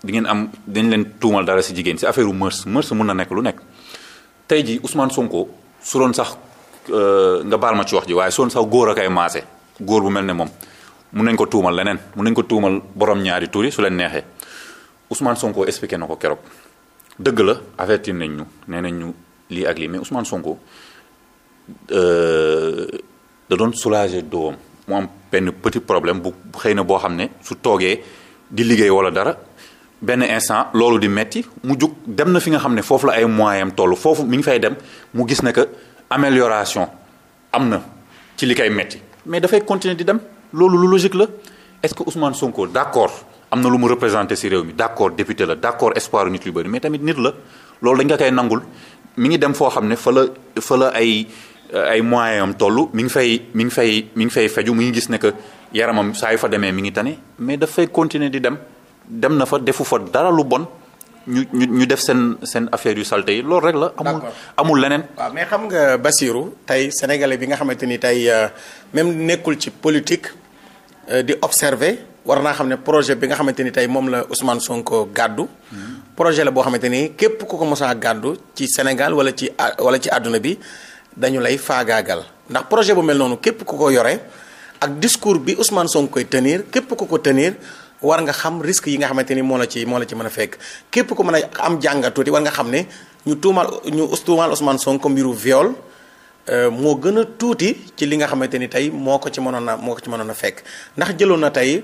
di ngeen am dañ leen tuumal dara si jigéen si affaire mœurs mœurs mun na nekk lu nekk tey ji Ousmane Sonko su doon sax euh, nga baal ma ci wax ji waaye su doon sax góor a maase góor bu mel ne moom mun nañ ko tuumal leneen mun nañ ko tuumal borom ñaari tuuri su leen neexee Ousmane Sonko expliqué na ko keroog dëgg la avertir nañ ñu nee nañ ñu lii ak lii mais Ousmane Sonko euh, da doon soulager doom mu am benn petit problème bu xëy na boo xam ne su toogee di liggéey wala dara benn instant loolu di metti mu jug dem na fi nga xam ne foofu la ay moyens toll foofu mi ngi fay dem mu gis ne que amélioration am na ci li koy metti mais dafay continuer di dem loolu lu logique la est-ce que Ousmane Sonko d'accord am na lu mu représenté si réew mi d'accord député la d'accord espoir nit yu bëri mais tamit nit la loolu dañ nga koy nangul mi ngi dem foo xam ne fa la fa ay euh, ay moyens am toll mi ngi fay mi ngi fay mi ngi fay feju mu ngi gis ne que yaramam saa yu fa demee mi ngi tane mais dafay continuer di dem. dem na fa defu fa dara bon ñu ñu def seen seen affaire yu salte yi loolu rek la. amul amul leneen. waaw mais xam nga Basirou tey sénégalais bi nga xamante ni tey euh, même nekkul ci politique euh, di observer war naa xam ne projet bi nga xamante ni tey moom la Ousmane Sonko gàddu. Mm-hmm. projet la boo xamante ni képp ku ko mos gàddu ci Sénégal wala ci wala ci àdduna bi dañu lay faagaagal ndax projet bu mel noonu képp ku ko yore ak discours bi Ousmane Sonko koy tenir képp ku ko tenir. war nga xam risque yi nga xamante ni moo la ci moo la ci mën a fekk képp ku mën a am jàngat tuuti war nga xam ne ñu tuumaal ñu tuumaal Ousmane sonk mbiru viol euh, moo gën a tuuti ci li nga xamante ni tey moo ko ci mënoon moo ko ci mënoon a fekk ndax jëloon na tey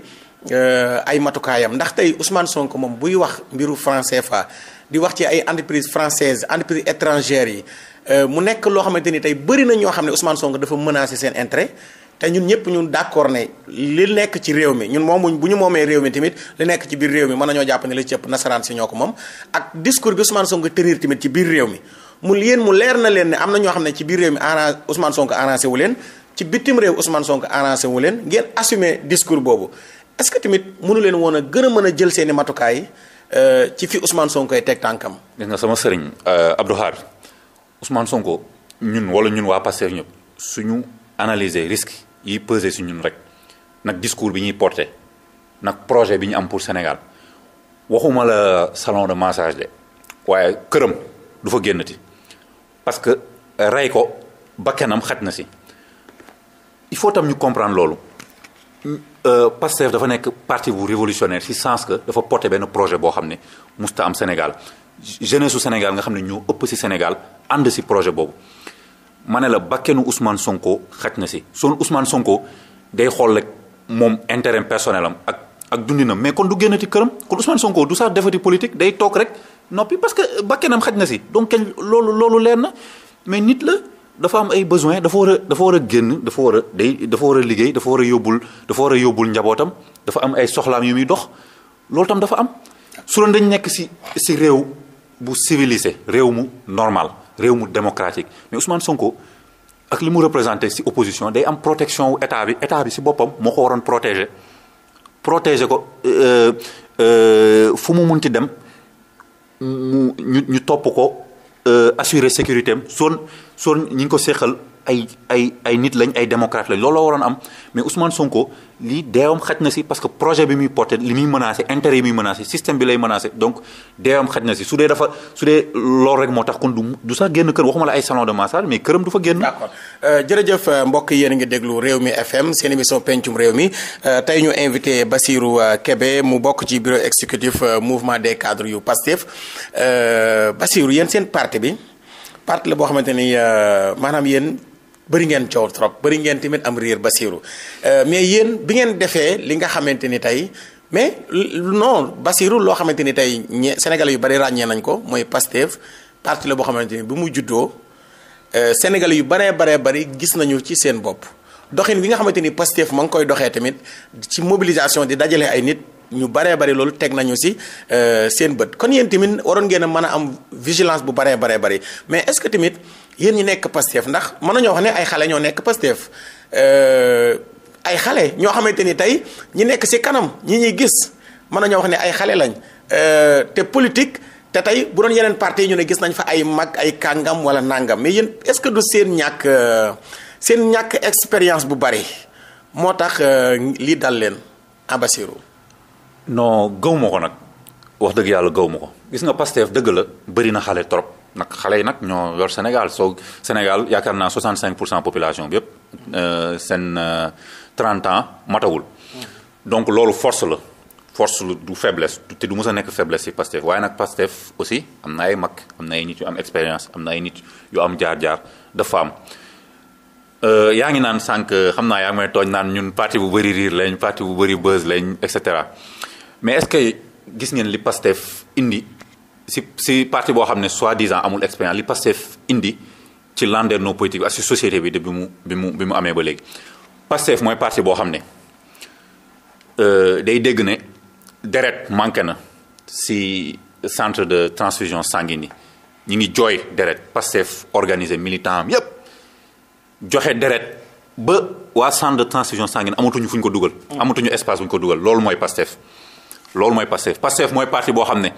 euh, ay matukaayam ndax tey Ousmane sonk moom buy wax mbiru franc CFA di wax ci ay entreprise française entreprise étrangère yi euh, mu nekk loo xamante ni tey bëri na ñoo xam ne Ousmane Sonko dafa menacer seen intérêt te ñun ñëpp ñun d'accord ne li nekk ci réew mi ñun moomuñ bu ñu moomee réew mi tamit li nekk ci biir réew mi mën nañoo jàpp ne li ci ëpp nasaraan si ñoo ko moom ak discours bi Ousmane Sonko tërir tamit ci biir réew mi mu yéen mu leer na leen ne am na ñoo xam ne ci biir mi arrangé Ousmane Sonko wu leen ci bitim réew Ousmane Sonko wu leen ngeen assumer discours boobu est que tamit mënu leen woon a gën a mën a jël seeni matukaay euh, ci fi Ousmane Sonko teg tànkam. gis nga sama sëriñ euh, Abdou Khadre Ousmane Sonko ñun wala ñun waa Pastef ñëpp suñu analyser risque yi peser si ñun rek nag discours bi ñuy porter nag projet bi ñu am pour Sénégal waxuma la salon de massage de waaye këram du fa génnati parce que rey ko bakkanam xaj na si il faut tam ñu comprendre loolu euh, Pastef dafa nekk parti bu révolutionnaire si sens que dafa porter benn projet boo xam ne musta am Sénégal jeunesse su Sénégal nga xam ne ñoo ëpp si Sénégal ànd si projet boobu ma ne la bakkenu Ousmane Sonko xaj na si son Ousmane Sonko day xool rek moom intérêt personnel am ak ak dundinam mais kon du génn génnati këram kon Ousmane Sonko du sax defati politique day toog rek noppi parce que bakkenam xaj na si donc kenn loolu loolu leer na mais nit la dafa am ay besoin dafa war a dafa war a génn dafa war a day dafa war a liggéey dafa war a yóbbul dafa war a yóbbul njabootam dafa am ay soxlaam yu muy dox loolu tam dafa am su doon dañ nekk si si réew bu civilisé réew mu normal réew mu démocratique mais Ousmane Sonko ak li mu représenté si opposition day am protection wu état bi état bi si boppam moo ko waroon protéger protéger ko euh, euh, fu mu mun munti dem mu ñu ñu topp ko euh, assurer sécurité am soon soon ñi ngi ko séqal ay ay nit lañ ay démocrate lañ looloo waroon am mais Ousmane Sonko lii deewam xaj na si parce que projet bi muy porté li muy menacé intérêt yi muy menacé système bi lay menacé donc deewam xaj na si su dee dafa su dee loolu rek moo tax kon du du sax génn kër waxuma la ay salon de massage mais këram du fa génn. d'accord euh, jërëjëf euh, mbokk yéen a ngi déglu réew mi FM seen émission pencum réew mi euh, tey ñu invité Bassirou kebe mu bokk ci bureau exécutif mouvement des cadres yu Pastef Bassirou yéen seen parti bi parti la boo xamante ni maanaam yéen. bari ngeen coow trop bëri ngeen tamit am riir Basiru euh, mais yéen bi ngeen defee li nga xamante ni tey mais non Basiru loo xamante ni tey ñe Sénégalais yu bari ràññee nañ ko mooy Pastef parti la boo xamante ni bi mu juddoo euh, Sénégalais yu baree baree bëri gis nañu ci seen bopp doxin bi nga xamante ni Pastef ma ngi koy doxee tamit ci mobilisation di dajale ay nit ñu baree bari loolu teg nañu si euh, seen bët kon yéen tamit waroon ngeen a mën a am vigilance bu baree baree bëri mais est-ce yéen ñi nekk Pastef ndax mën nañoo wax ne ay xale ñoo nekk Pastef euh, ay xale ñoo xamante ni tey ñi nekk ci kanam ñi ñuy gis mën nañoo wax ne ay xale lañ euh, te politique te tey bu doon yeneen parti ñu ne gis nañ fa ay mag ay kàngam wala nàngam mais yéen est-ce que du seen ñàkk euh, seen ñàkk expérience bu bari moo tax lii dal leen Abassirou noo gëw ma ko nag wax dëgg yàlla gëw ma ko gis nga Pastef dëgg la bëri na xale trop nag xale yi nag ñoo yor Sénégal soo Sénégal yaakaar naa 65 pour cent population bi yëpp euh, seen 30 euh, ans matawul. donc loolu force la force lu du faiblesse te du mës a nekk faiblesse ci Pastef waaye nag Pastef aussi am na ay mag am na ay nit yu am expérience am na ay nit yu am jaar-jaar dafa am. Euh, yaa ngi naan sànq xam naa yaa ngi tooñ naan ñun parti bu bëri riir lañ parti bu bëri buzz lañ et cetera mais est-ce que gis ngeen li Pastef indi. si si parti boo xam ne soi-disant amul expérience li Pastef indi ci landerneau politique bi ak si société bi de bi mu bi mu bi mu amee ba léegi Pastef mooy parti boo xam ne euh, day dégg ne deret manqué na si centre de transfusion sanguine yi ñu ngi jooy deret Pastef organisé militant am yëpp joxe deret ba waa centre de transfusion sanguine amatuñu fu ñu ko dugal mm. amatuñu espace bu ñu ko dugal loolu mooy Pastef loolu mooy Pastef Pastef mooy partie boo xam ne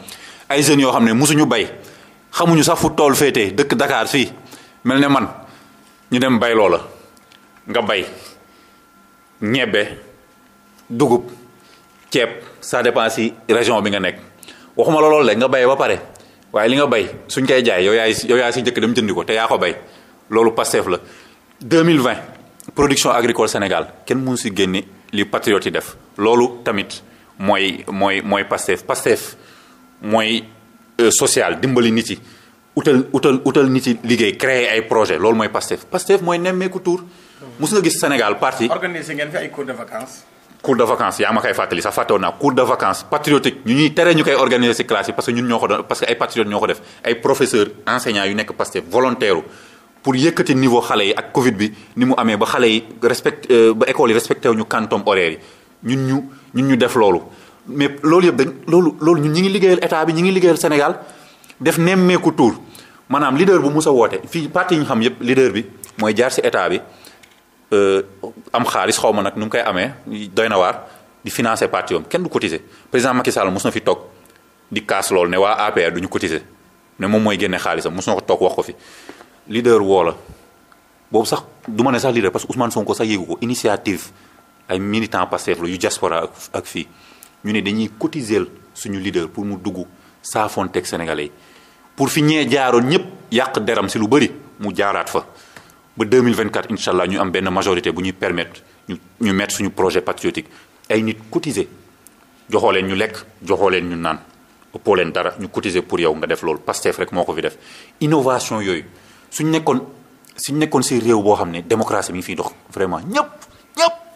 ay jeunes yoo xam ne mosuñu bay xamuñu sax fu tool féetee dëkk dakaar fii mel ne man ñu dem bay loola nga bay ñebbe dugub ceeb ça dépend si région bi nga nekk waxuma la loolu de nga bay ba pare waaye li nga bay suñ koy jaay yow yaay yow yaay si jëkk dem jëndi ko te yaa ko bay loolu Pastef la mille vingt production agricole Sénégal kenn mënu si génne li patriote yi def loolu tamit mooy mooy mooy Pastef Pastef mooy euh, social dimbali nit yi utal utal utal nit yi liggéey créer ay projet loolu mooy Pastef Pastef mooy nemmeeku tour mus nga gis Sénégal parti. organiser ngeen fi ay cours de vacances. cours de vacances yaa ma koy fàttali sax fàttewoon naa cours de vacances patriotique ñu ñuy tere ñu koy organiser ci classe yi parce que ñun ñoo ko doon parce que ay patriotes ñoo ko def ay professeurs enseignants yu nekk Pastef volontaire pour yëkkati niveau xale yi ak Covid bi ni mu amee ba xale yi respect euh, école respecté wu ñu quantum horaire yi ñu ñun ñu def loolu. mais loolu yëpp dañ loolu loolu ñun ñi ngi liggéeyal état bi ñi ngi liggéeyal Sénégal def nemmeeku tour maanaam leader bu mus a woote fii parti yi ñu xam yëpp leader bi mooy jaar si état bi euh, am xaalis xaw ma nag nu mu koy amee doy na waar di financer parti yoom kenn du cotiser président Macky Sall mos na fi toog di kaas lool ne waa APR du ñu cotiser ne moom mooy génne xaalisam mos na ko toog wax ko fi leader woo la boobu sax du ma ne sax leader parce que Ousmane Sonko sax yéegu ko initiative ay militant Pastef la yu diaspora ak fii. ñu ne dañuy cotiser suñu leader pour mu dugg saafonteeg sénégalais yi pour fi ñee jaaroon ñëpp yàq deram si lu bëri mu jaaraat fa ba 2024 incha allah ñu am benn majorité bu ñuy permettre ñu ñu mettre suñu projet patriotique ay nit cotiser joxoo leen ñu lekk joxoo leen ñu naan ëppoo leen dara ñu cotiser pour yow nga def loolu Pastef rek moo ko fi def innovation yooyu suñ nekkoon suñ nekkoon si réew boo xam ne démocratie mi ñu fiy dox vraiment ñëpp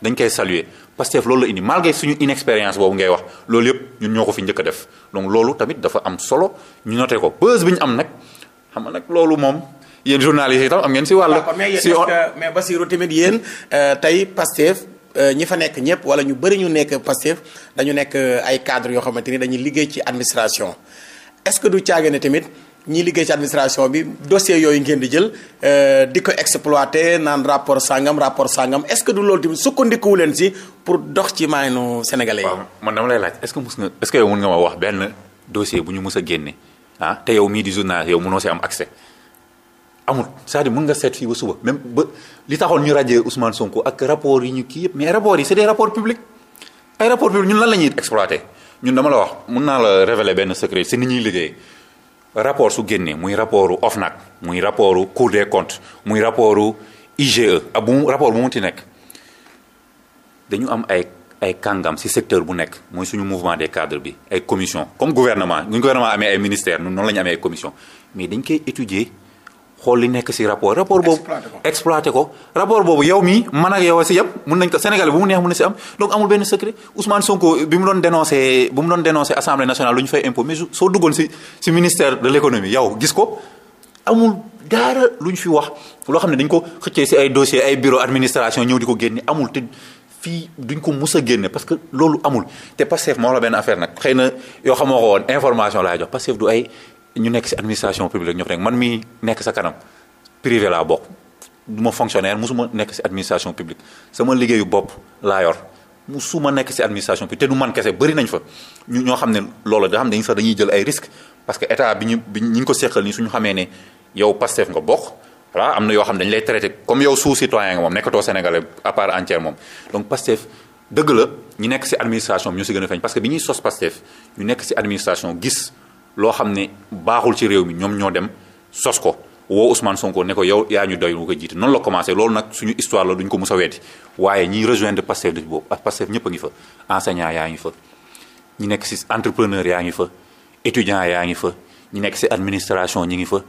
dañ koy saluer Pastef loolu la indi malgré suñu inexpérience boobu ngay wax loolu yëpp ñun ñoo ko fi njëkk def donc loolu tamit dafa am solo ñu noté ko buzz bi ñu am nag xam nga nag loolu moom yéen journalistes yi tam am ngeen si wàll. si on mais Bassirou tamit yéen euh, tey Pastef euh, ñi fa nekk ñëpp wala ñu bëri ñu nekk Pastef dañu nekk euh, ay cadres yoo xamante ni dañuy liggéey ci administration est-ce que du caage ne tamit. ñi liggéey ci administration bi dossier yooyu ngeen di jël euh, di ko exploité naan rapport sangam rapport sangam est-ce que du loolu tamit sukkandiku leen si pour dox ci maayanu sénégalais yi. waaw man dama lay laaj est-ce que mus nga est-ce que yow mun nga ma wax benn dossier bu ñu mus a génne ah te yow mii di journal yow mënoo si am accès. amul c'est-à-dire nga seet fii ba suba même ba li taxoon ñu rajee Ousmane Sonko ak rapport yi ñu kii yëpp mais rapport yi c'est des rapports la ñuy exploité ñun dama la wax mën naa la révéler benn secret si ñuy liggéey rapport su génnee muy rapportu OFNAC muy rapportu Cour des comptes muy rapportu IGE ak bu rapport bu mu ti nekk dañu am ay ay kàngam si secteur bu nekk mooy suñu mouvement de cadres bi ay commission comme gouvernement bu gouvernement amee ay ministère noonu la ñu amee ay commission mais dañ koy étudier xool li nekk ci rapport rapport boobu exploité ko rapport boobu yow mi man ak yow ci yëpp mun nañ ko Sénégal bu mu neex mun na ci am donc amul benn secret Ousmane Sonko bi mu doon dénoncé bu mu doon dénoncé assemblée nationale lu ñu fay impôt mais soo duggoon ci ministère de l'économie yow gis ko amul daara lu ñu fi wax loo xam ne dañ ko xëccee ci ay dossier ay bureau administration ñëw di ko génne amul te fii ñu ko mus a génne parce que loolu amul te Pastef moo la benn affaire nag xëy na yoo xamoo woon information laay jox Pastef du ay ñu nekk ci administration publique ñoom rek man mii nekk sa kanam privé laa bokk du ma fonctionnaire musuma nekk ci administration publique sama liggéeyu bopp laa yor musuma nekk ci administration publique te du man kese bëri nañ fa ñu ñoo xam ne loolu da xam dañu sax dañuy jël ay risques parce que état bi ñu bi ñu ko seqal nii suñu xamee ne yow Pastef nga bokk voilà am na yoo xam dañu lay traité comme yow sous-citoyen nga moom nekkatoo sénégalais à part entière moom donc Pastef dëgg la ñu nekk ci administration bi ñu ci gën a feeñ parce que bi ñuy sos Pastef ñu nekk ci administration gis loo xam ne baaxul ci réew mi ñoom ñoo dem sos ko woo Ousmane Sonko ne ko yow yaa ñu doy wu ko jiit noonu la commencé loolu nag suñu histoire la duñ ko mus a weddi waaye ñiy rejoindre Pastef du boobu ah, Pastef ñëpp a ngi fa enseignant yaa ngi fa ñi nekk si entrepreneur yaa ngi fa étudiant yaa ngi fa ñi nekk si administration ñi ngi fa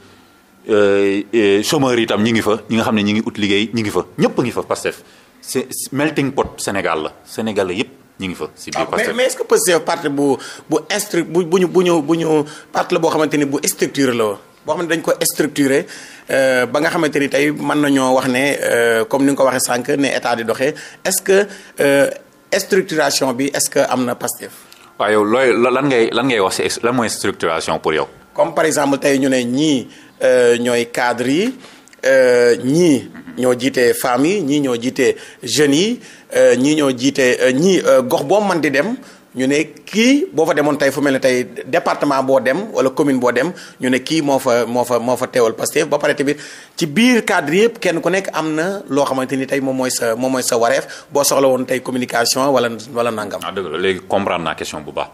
euh, euh, chômeur itam ñi ngi fa ñi nga xam ne ñi ngi ut liggéey ñi ngi fa ñëpp a ngi fa Pastef c'est melting pot Sénégal la Sénégal yëpp ñu ngi fa si ah, mais est-ce que Pastef parti bu bu bu bu ñu bu ñu bu ñu parti la boo xamante ni bu structure la woon boo xam ne dañ ko structuré euh, ba nga xamante ni tey mën nañoo wax ne euh, comme ni nga ko waxee sànq ne état di doxe est-ce que euh, structuration bi est-ce que am na Pastef. waaw yow looy lan ngay lan ngay wax si lan mooy structuration pour yow. comme par exemple tey ñu ne ñii ñooy cadres yi ñii mm-hmm. ñoo jiite femmes yi ñii ñoo jiite jeunes yi. Euh, ñii ñoo jiite euh, ñii euh, gox boo mën di dem ñu ne kii boo fa demoon tey fu mel ne tey département boo dem wala commune boo dem ñu ne kii moo fa moo fa moo fa teewal Pastef ba pare tamit ci biir cadre yëpp kenn ku nekk am na loo xamante ni tey moom mooy sa moom mooy wareef boo soxla woon tey communication wala wala nangam. ah dëgg la léegi comprendre naa question bu baax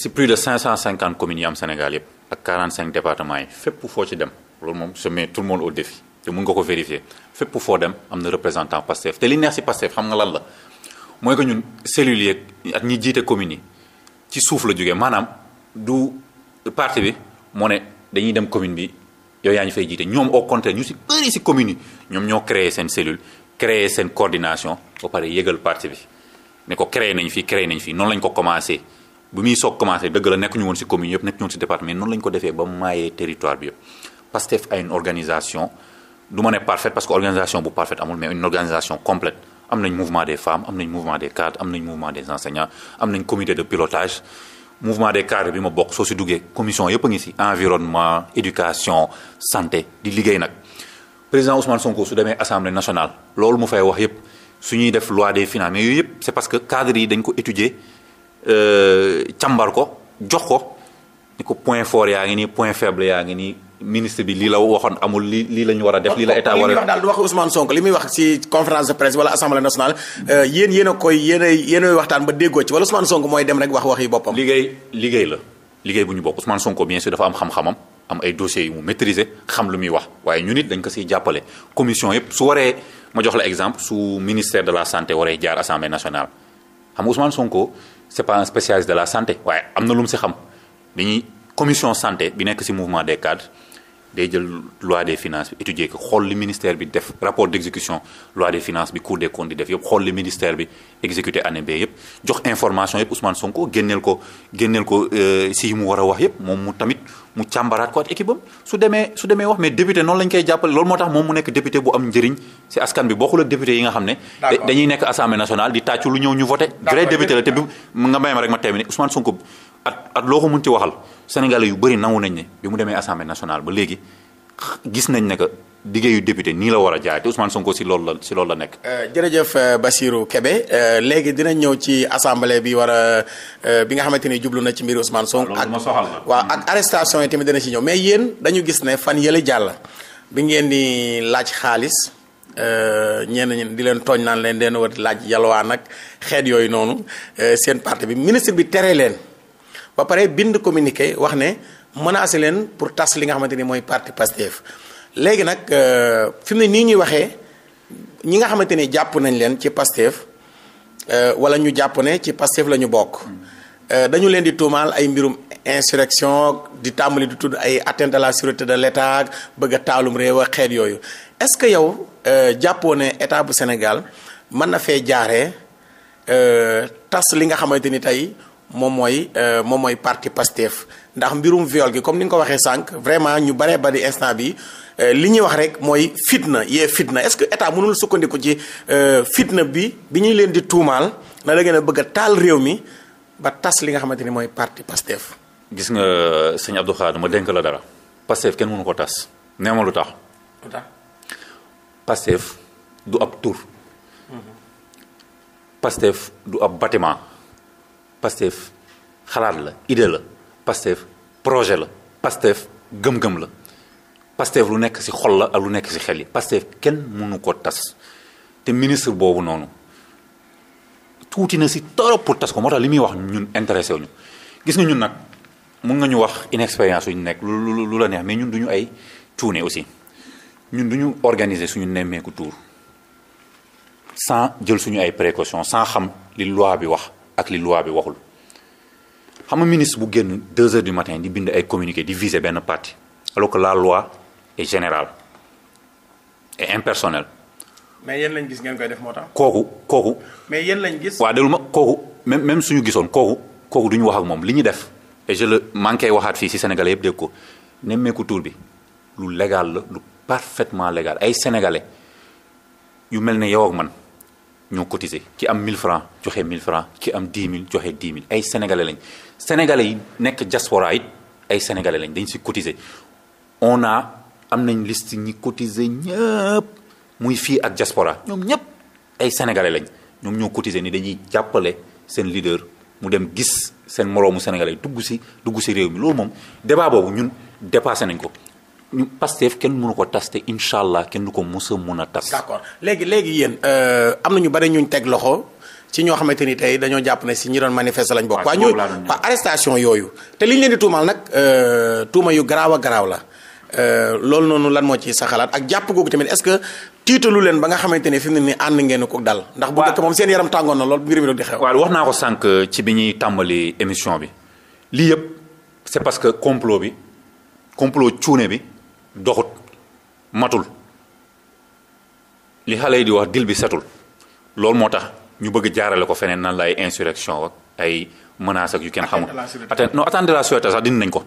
si plus de 550 communes yi am Sénégal yëpp ak 45 départements yi fépp foo ci dem loolu moom je mets tout le te mun nga ko vérifier fépp foo dem am na représentant Pastef te li neex si Pastef xam nga lan la mooy que ñun cellules yi ak ñi jiite commune yi ci suuf la jógee maanaam du parti bi moo ne dañuy dem commune bi yow yaa ñu fay jiite ñoom o contraire ñu si bëri si commune yi ñoom ñoo créer seen cellule créer seen coordination ba pare yëgal parti bi ne ko créé nañ fii créé nañ fii noonu lañ ko commencé bu muy soog commencé dëgg la nekk ñu woon si commune yëpp nekk ñu woon si département noonu lañ ko defee ba maayee territoire bi yëpp du ma ne parfaite parce que organisation bu parfaite amul mais une organisation complète am nañ mouvement des femmes am nañ mouvement des cadres am nañ mouvement des enseignants am nañ comité de pilotage mouvement des cadres bi ma bokk soo si duggee commission yëpp a ngi si environnement éducation santé di liggéey nag président Ousmane Sonko su demee assemblée nationale loolu mu fay wax yëpp su ñuy def loi des finances mais yooyu yëpp c'est parce que cadres yi dañ ko étudier euh, ko jox ko ni ko point ngi nii point faible yaa ngi nii. ministre bi lii la waxoon amul lii lii la ñu war a def lii la état war a. li muy wax daal du wax Ousmane Sonko li muy wax ci conférence de presse wala assemblée nationale euh, yéen yéen koy yéen a waxtaan ba déggoo ci wala Ousmane Sonko mooy dem rek wax wax yi liggéey la liggéey bu ñu bokk Ousmane Sonko bien sûr dafa am xam-xamam am ay dossiers xam lu muy wax waaye ñun it dañ ko siy jàppale commission yëpp su waree ma jox la exemple su ministère de la santé waree jaar assemblée nationale xam nga Sonko c'est pas un de la santé waaye am na lu mu si xam dañuy commission santé bi nekk si mouvement des cadres day jël loi des finance bi étudier ko xool li ministère bi def rapport d' exécution loi des finances bi cour des comptes di def yëpp xool li ministère bi exécuté année bee yëpp jox information yëpp Ousmane Sonko ko génneel ko euh, si war a wax yëpp moom mu tamit mu càmbaraat ko ak équipe am su demee wax mais député noonu la ñu koy jàppale moo tax moom mu nekk député bu am njëriñ si askan bi bokkul ak nga xam ne. dañuy nekk assemblée nationale di tàccu lu ñëw ñu voté. vrai député la te bi nga may at loo ko waxal. sénégalais yu bëri nangu nañ ni bi mu demee assemblée nationale ba léegi gis nañ ne que liggéeyu député nii la war a jaay te Ousmane Sonko si loolu la si loolu la nekk. Euh, jërëjëf euh, Bassirou Kébé euh, léegi dinañ ñëw ci assemblée bi war a bi nga xamante ni jublu na ci mbir Ousmane Sonko. ak waaw ak arrestation yi tamit dina ci ñëw mais yéen dañu gis ne fan yële jàll bi ngeen di laaj xaalis. ñeen ñi di leen tooñ naan leen deen war laaj yalwaa nag xeet yooyu noonu seen parti bi ministre bi tere leen ba pare bind communiqué wax ne menacé leen pour tass li nga xamante ni mooy parti Pastef léegi nag euh, fi mu ne nii ñuy waxee ñi nga xamante ni jàpp nañ leen ci Pastef euh, wala ñu jàpp ne ci Pastef la ñu bokk mm. euh, dañu leen di tuumaal ay mbirum insurrection di tàmbali di tudd ay atteinte à la sûreté de l'État bëgg a taalum réew ak xeet yooyu est-ce que yow jàppoo ne état bu Sénégal mën na fee jaaree tas li nga xamante ni tey moom mooy euh, moom mooy parti Pastef ndax mbirum viol gi comme ni nga ko waxee sànq vraiment ñu baree bari instant bi euh, li ñuy wax rek mooy fitna yee fitna est-ce que état mënul sukkandiku ci euh, fitna bi bi ñuy leen di tuumaal na la ngeen a bëgg a taal réew mi ba tas li nga xamante ni mooy parti Pastef. gis nga sëñ Abdou Khadre ma dénk la dara Pastef kenn mënu ko tas nee ma lu tax. lu tax Pastef du ab tur. Mhm. Pastef du ab bâtiment. Pastef xalaat la idée la Pastef projet la Pastef gëm-gëm la Pastef lu nekk ci xol la ak lu nekk ci xel yi Pastef kenn mënu ko tas te ministre boobu noonu tuuti na si trop pour tas ko moo tax li muy wax ñun intéressé wuñu gis nga ñun nag mun nga ñu wax inexpérience yu ñu nekk lu lu la neex mais ñun du ñu ay cuune aussi ñun du ñu organiser suñu nemmeeku tour sans jël suñu ay précautions sans xam li loi bi wax. ak li loi bi waxul xam nga ministre bu génn deux heures du matin di bind ay communiqué di viser benn parti alors que la loi est générale et impersonnelle. mais yéen lañ gis ngeen koy def moo tax. kooku kooku. mais yéen lañ gis. waaw déglu ma kooku même même suñu gisoon kooku kooku duñu ñu wax ak moom li ñu def et je le waxaat fii si Sénégalais yëpp dégg ko nemmeeku tur bi lu légal la lu parfaitement légal ay sénégalais yu mel ni yow ak man. ñoo cotisé ki am mille francs joxe mille francs ki am 10 000 joxe 10 000 ay sénégalais lañ sénégalais yi nekk diaspora it ay sénégalais lañ dañ si cotiser on a am nañ liste ñi cotiser ñëpp muy fii ak diaspora ñoom ñëpp ay sénégalais lañ ñoom ñoo cotisé ni dañuy jàppale seen leader mu dem gis seen moroomu sénégalais dugg si dugg si réew mi loolu moom débat boobu ñun dépassé nañ ko. ñu Pastef kenn mënu ko tas te incha allah kenn du ko mës a mun a tas. d'accord léegi léegi yéen euh, am na ñu bari ñu teg loxo. ci ñoo xamante ni tey dañoo jàpp ne si ñu doon manifester lañ bokk. waaw ñoo waa arrestation yooyu. te liñ leen di tuumaal nag euh, tuuma yu garaaw a garaaw la euh, loolu noonu lan moo ci sa xalaat ak jàpp googu tamit est-ce que tiitalu leen ba nga xamante ne fi mu ne nii ànd ngeen ko dal. ndax bu dëkk moom seen yaram tàngoon na lool mbir mi di xew. waaw wax naa ko sànq bi ñuy tàmbali émission bi lii yëpp c'est parce que complot bi complot cuune bi doxut matul li xale yi di wax dil bi setul loolu moo tax ñu bëgg jaarale ko feneen nan la ay insurrection ak ay menaces ak yu kenn xamul. atteinte non atteinte de la sûreté sax dindi nañ ko.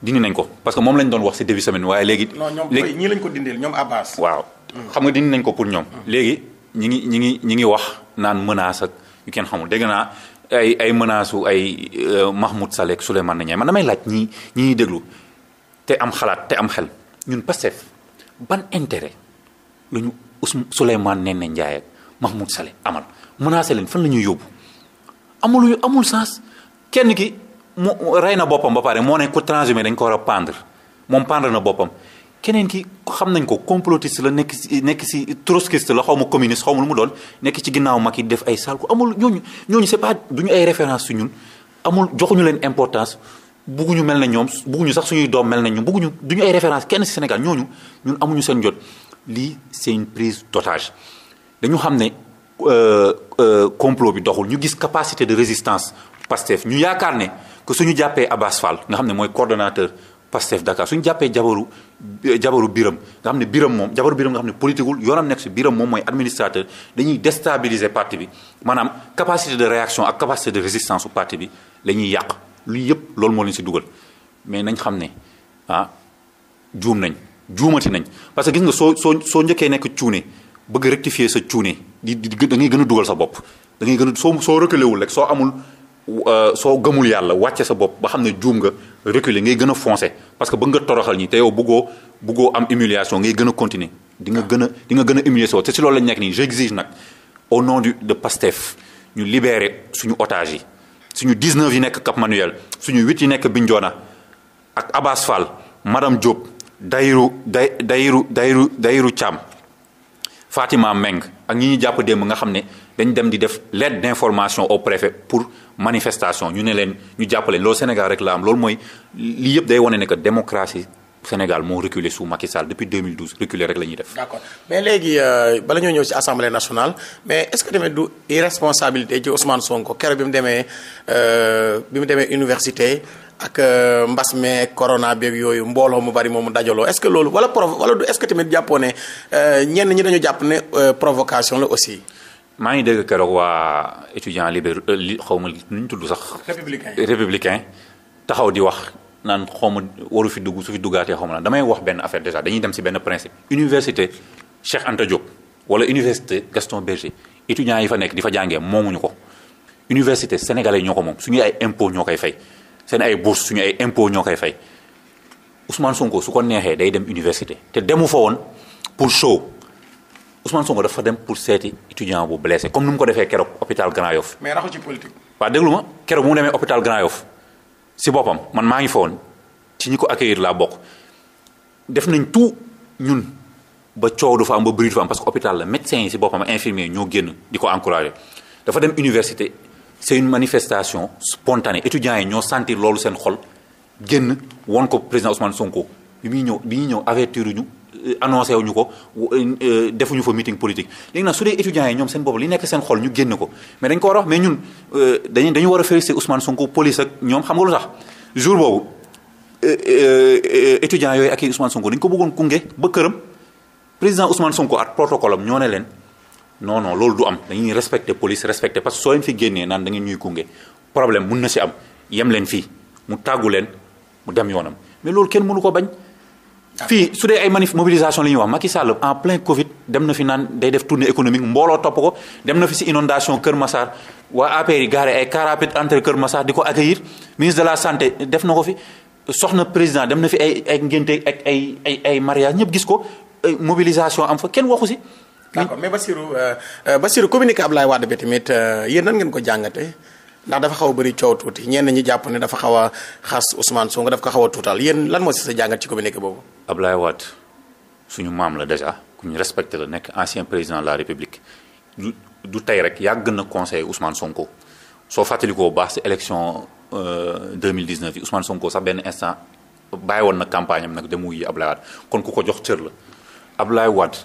dindi nañ ko parce que moom lañ doon wax ci début semaine waaye léegi. léegi ñii lañ ko dindeel ñoom Abbas. waaw mm. xam nga dindi nañ ko pour ñoom. Mm. léegi ñi ngi ñi ngi ñi ngi wax naan menace ak yu kenn xamul dégg naa ay ay menaces su ay euh, Mahmoud Saleh Souleymane Niaye man damay laaj ñii ñi ñuy déglu te am xalaat te am xel. ñun Pastef ban intérêt lu ñu Souleymane Ndéné Ndiaye ak Mahmoud Saleh amal menacé leen fan la ñuy yóbbu amuluñu amul sens kenn ki mu rey na boppam ba pare moo ne ko transhumé dañ ko war a pendre moom pendre na boppam keneen ki xam nañ ko complotiste la nekk si nekk si trotskiste la xaw ma communiste xaw ma lu mu doon nekk ci ginnaaw mag yi def ay saal ko amul ñooñu ñooñu c'est pas duñu ay référence su ñun amul joxuñu leen importance bugguñu mel na ñoom bugguñu sax suñuy doom mel na ñu du duñu ay référence kenn ci Sénégal ñooñu ñun amuñu seen jot lii c'est une prise d'otage dañu xam ne euh, euh, complot bi doxul ñu gis capacité de résistance Pastef ñu yaakaar ne que suñu jàppee Abass Fall nga xam ne mooy coordonnateur Pastef Dakar suñu jàppee jabaru euh, jabaru biram nga xam ne biram moom jabaru biram nga xam ne politiqueul yoonam nekk si biram moom mooy administrateur dañuy déstabiliser parti bi maanaam capacité de réaction ak capacité de résistance su parti bi la ñuy yàq lu yëpp loolu moo leen si dugal mais nañ xam ne ah juum nañ juumati nañ parce que gis nga soo soo soo njëkkee nekk cuune bëgg rectifier sa cuune di di da ngay gën a dugal sa bopp da ngay gën a soo soo reculer wul rek soo amul euh, soo gëmul yàlla wàcce sa bopp ba xam ne juum nga reculer ngay gën a foncer parce que bëgg nga toroxal ñi te yow buggoo bëggoo am humiliation ngay gën a continuer di nga gën a di nga gën a humilier sa te si loolu lañ nekk nii j'exige nag au non du de Pastef ñu libérer suñu otage yi suñu 19 yi nekk Cap Manuel suñu 8 yi nekk Bignona ak Abass Fall Madame Diop Dayru Day Dayru Dayru Dayru Thiam Fatima Meng ak ñi ñu jàpp démb nga xam ne dañ dem di def lettre d'information au préfet pour manifestation ñu ne leen ñu jàpp leen loolu Sénégal rek la am loolu mooy lii yëpp day wane ne que démocratie. Sénégal moo reculé sous Macky Sall depuis 2012 reculé rek la ñuy def. d'accord mais léegi euh, bala ñoo ñëw ci assemblée nationale mais est-ce que tamit du irresponsabilité ci Ousmane Sonko keroog bi mu demee euh, bi mu demee université ak euh, mbas mee corona beeg yooyu mbooloo mu bari moomu dajaloo est-ce que loolu wala provo wala du est-ce que tamit jàppoo ne ñenn ñi dañu jàpp ne provocation la aussi. maa ngi dégg keroog waa étudiant libéral li xaw ma nu ñu tudd sax. républicain républicain taxaw di wax. naan xaw ma waru fi dugg su fi duggaatee xaw ma damay wax benn affaire déjà dañuy dem si benn principe. université Cheikh Anta Diop wala université Gaston Berger étudiants yi fa nekk di fa jàngee moomuñu ko université sénégalais ñoo ko moom suñu ay impôt ñoo koy fay seen ay bourse suñu ay impôt ñoo koy fay Ousmane Sonko su ko neexee day dem université te demu fa woon pour show. Ousmane Sonko dafa dem pour seeti étudiant bu blessé comme ni mu ko defee keroog hôpital Grand Yoff. mais raxu ci politique. waaw déglu ma keroog mu demee hôpital Grand Yoff si boppam man maa ngi fa woon ci ñi ko accueillir laa bokk def nañ tout ñun ba coow du fa am ba bruit du fa am parce que hôpital la médecin yi si boppam infirmier ñoo génn di ko encouragé dafa dem université c'est une manifestation spontanée étudiants yi ñoo sentir loolu seen xol génn won ko président Ousmane Sonko bi muy ñëw bi ñuy ñëw avertir ñu annoncé wuñu ko euh, euh, defuñu fa meeting politique léegi nag su dee étudiants yi ñoom seen bopp li nekk seen xol ñu génn ko mais dañ ko war a wax mais ñun euh, dañu Sonko police ak ñoom xam nga lu tax jour boobu étudiants yooyu ak i Ousmane Sonko dañu ko bëggoon kunge ba këram président Ousmane Sonko ak protocole am ñoo ne leen non non loolu du am dañuy respecté police respecté parce que soo leen fi génnee naan da ngeen ñuy kunge problème mun na si am yem leen fii mu tàggu leen mu dem yoonam mais fii su dee ay manif mobilisation la ñuy wax Macky Sall en plein Covid dem na fi naan day def tournée économique mbooloo topp ko dem na fi si inondation Kër Massar waa APR yi garé ay car rapide entre Kër Massar di ko accueillir ministre de la santé def na ko fi soxna président dem na fi ay ay ngénte ak ay ay ay mariage ñëpp gis ko mobilisation am fa kenn waxu si. d'accord mais Bassirou euh, euh, Bassirou communiqué Abdoulaye Wade bi tamit euh, yéen nan ngeen ko jàngate ndax dafa xaw a bëri coow tuuti ñenn ñi jàpp ne dafa xaw a xas Ousmane Sonko daf ko xaw tootaal tuutal yéen lan moo si sa jàngat ci communiqué boobu. Ablaye Wade suñu maam la dèjà ku ñu respecté la nekk ancien président de la république du du tey rek yàgg na conseil Ousmane Sonko soo fàttalikoo baax si élection 2019 euh, yi Ousmane Sonko sax benn instant bàyyi woon na campagne am nag dem wuyu Ablaye Wade kon ku ko jox cër la Ablaye Wade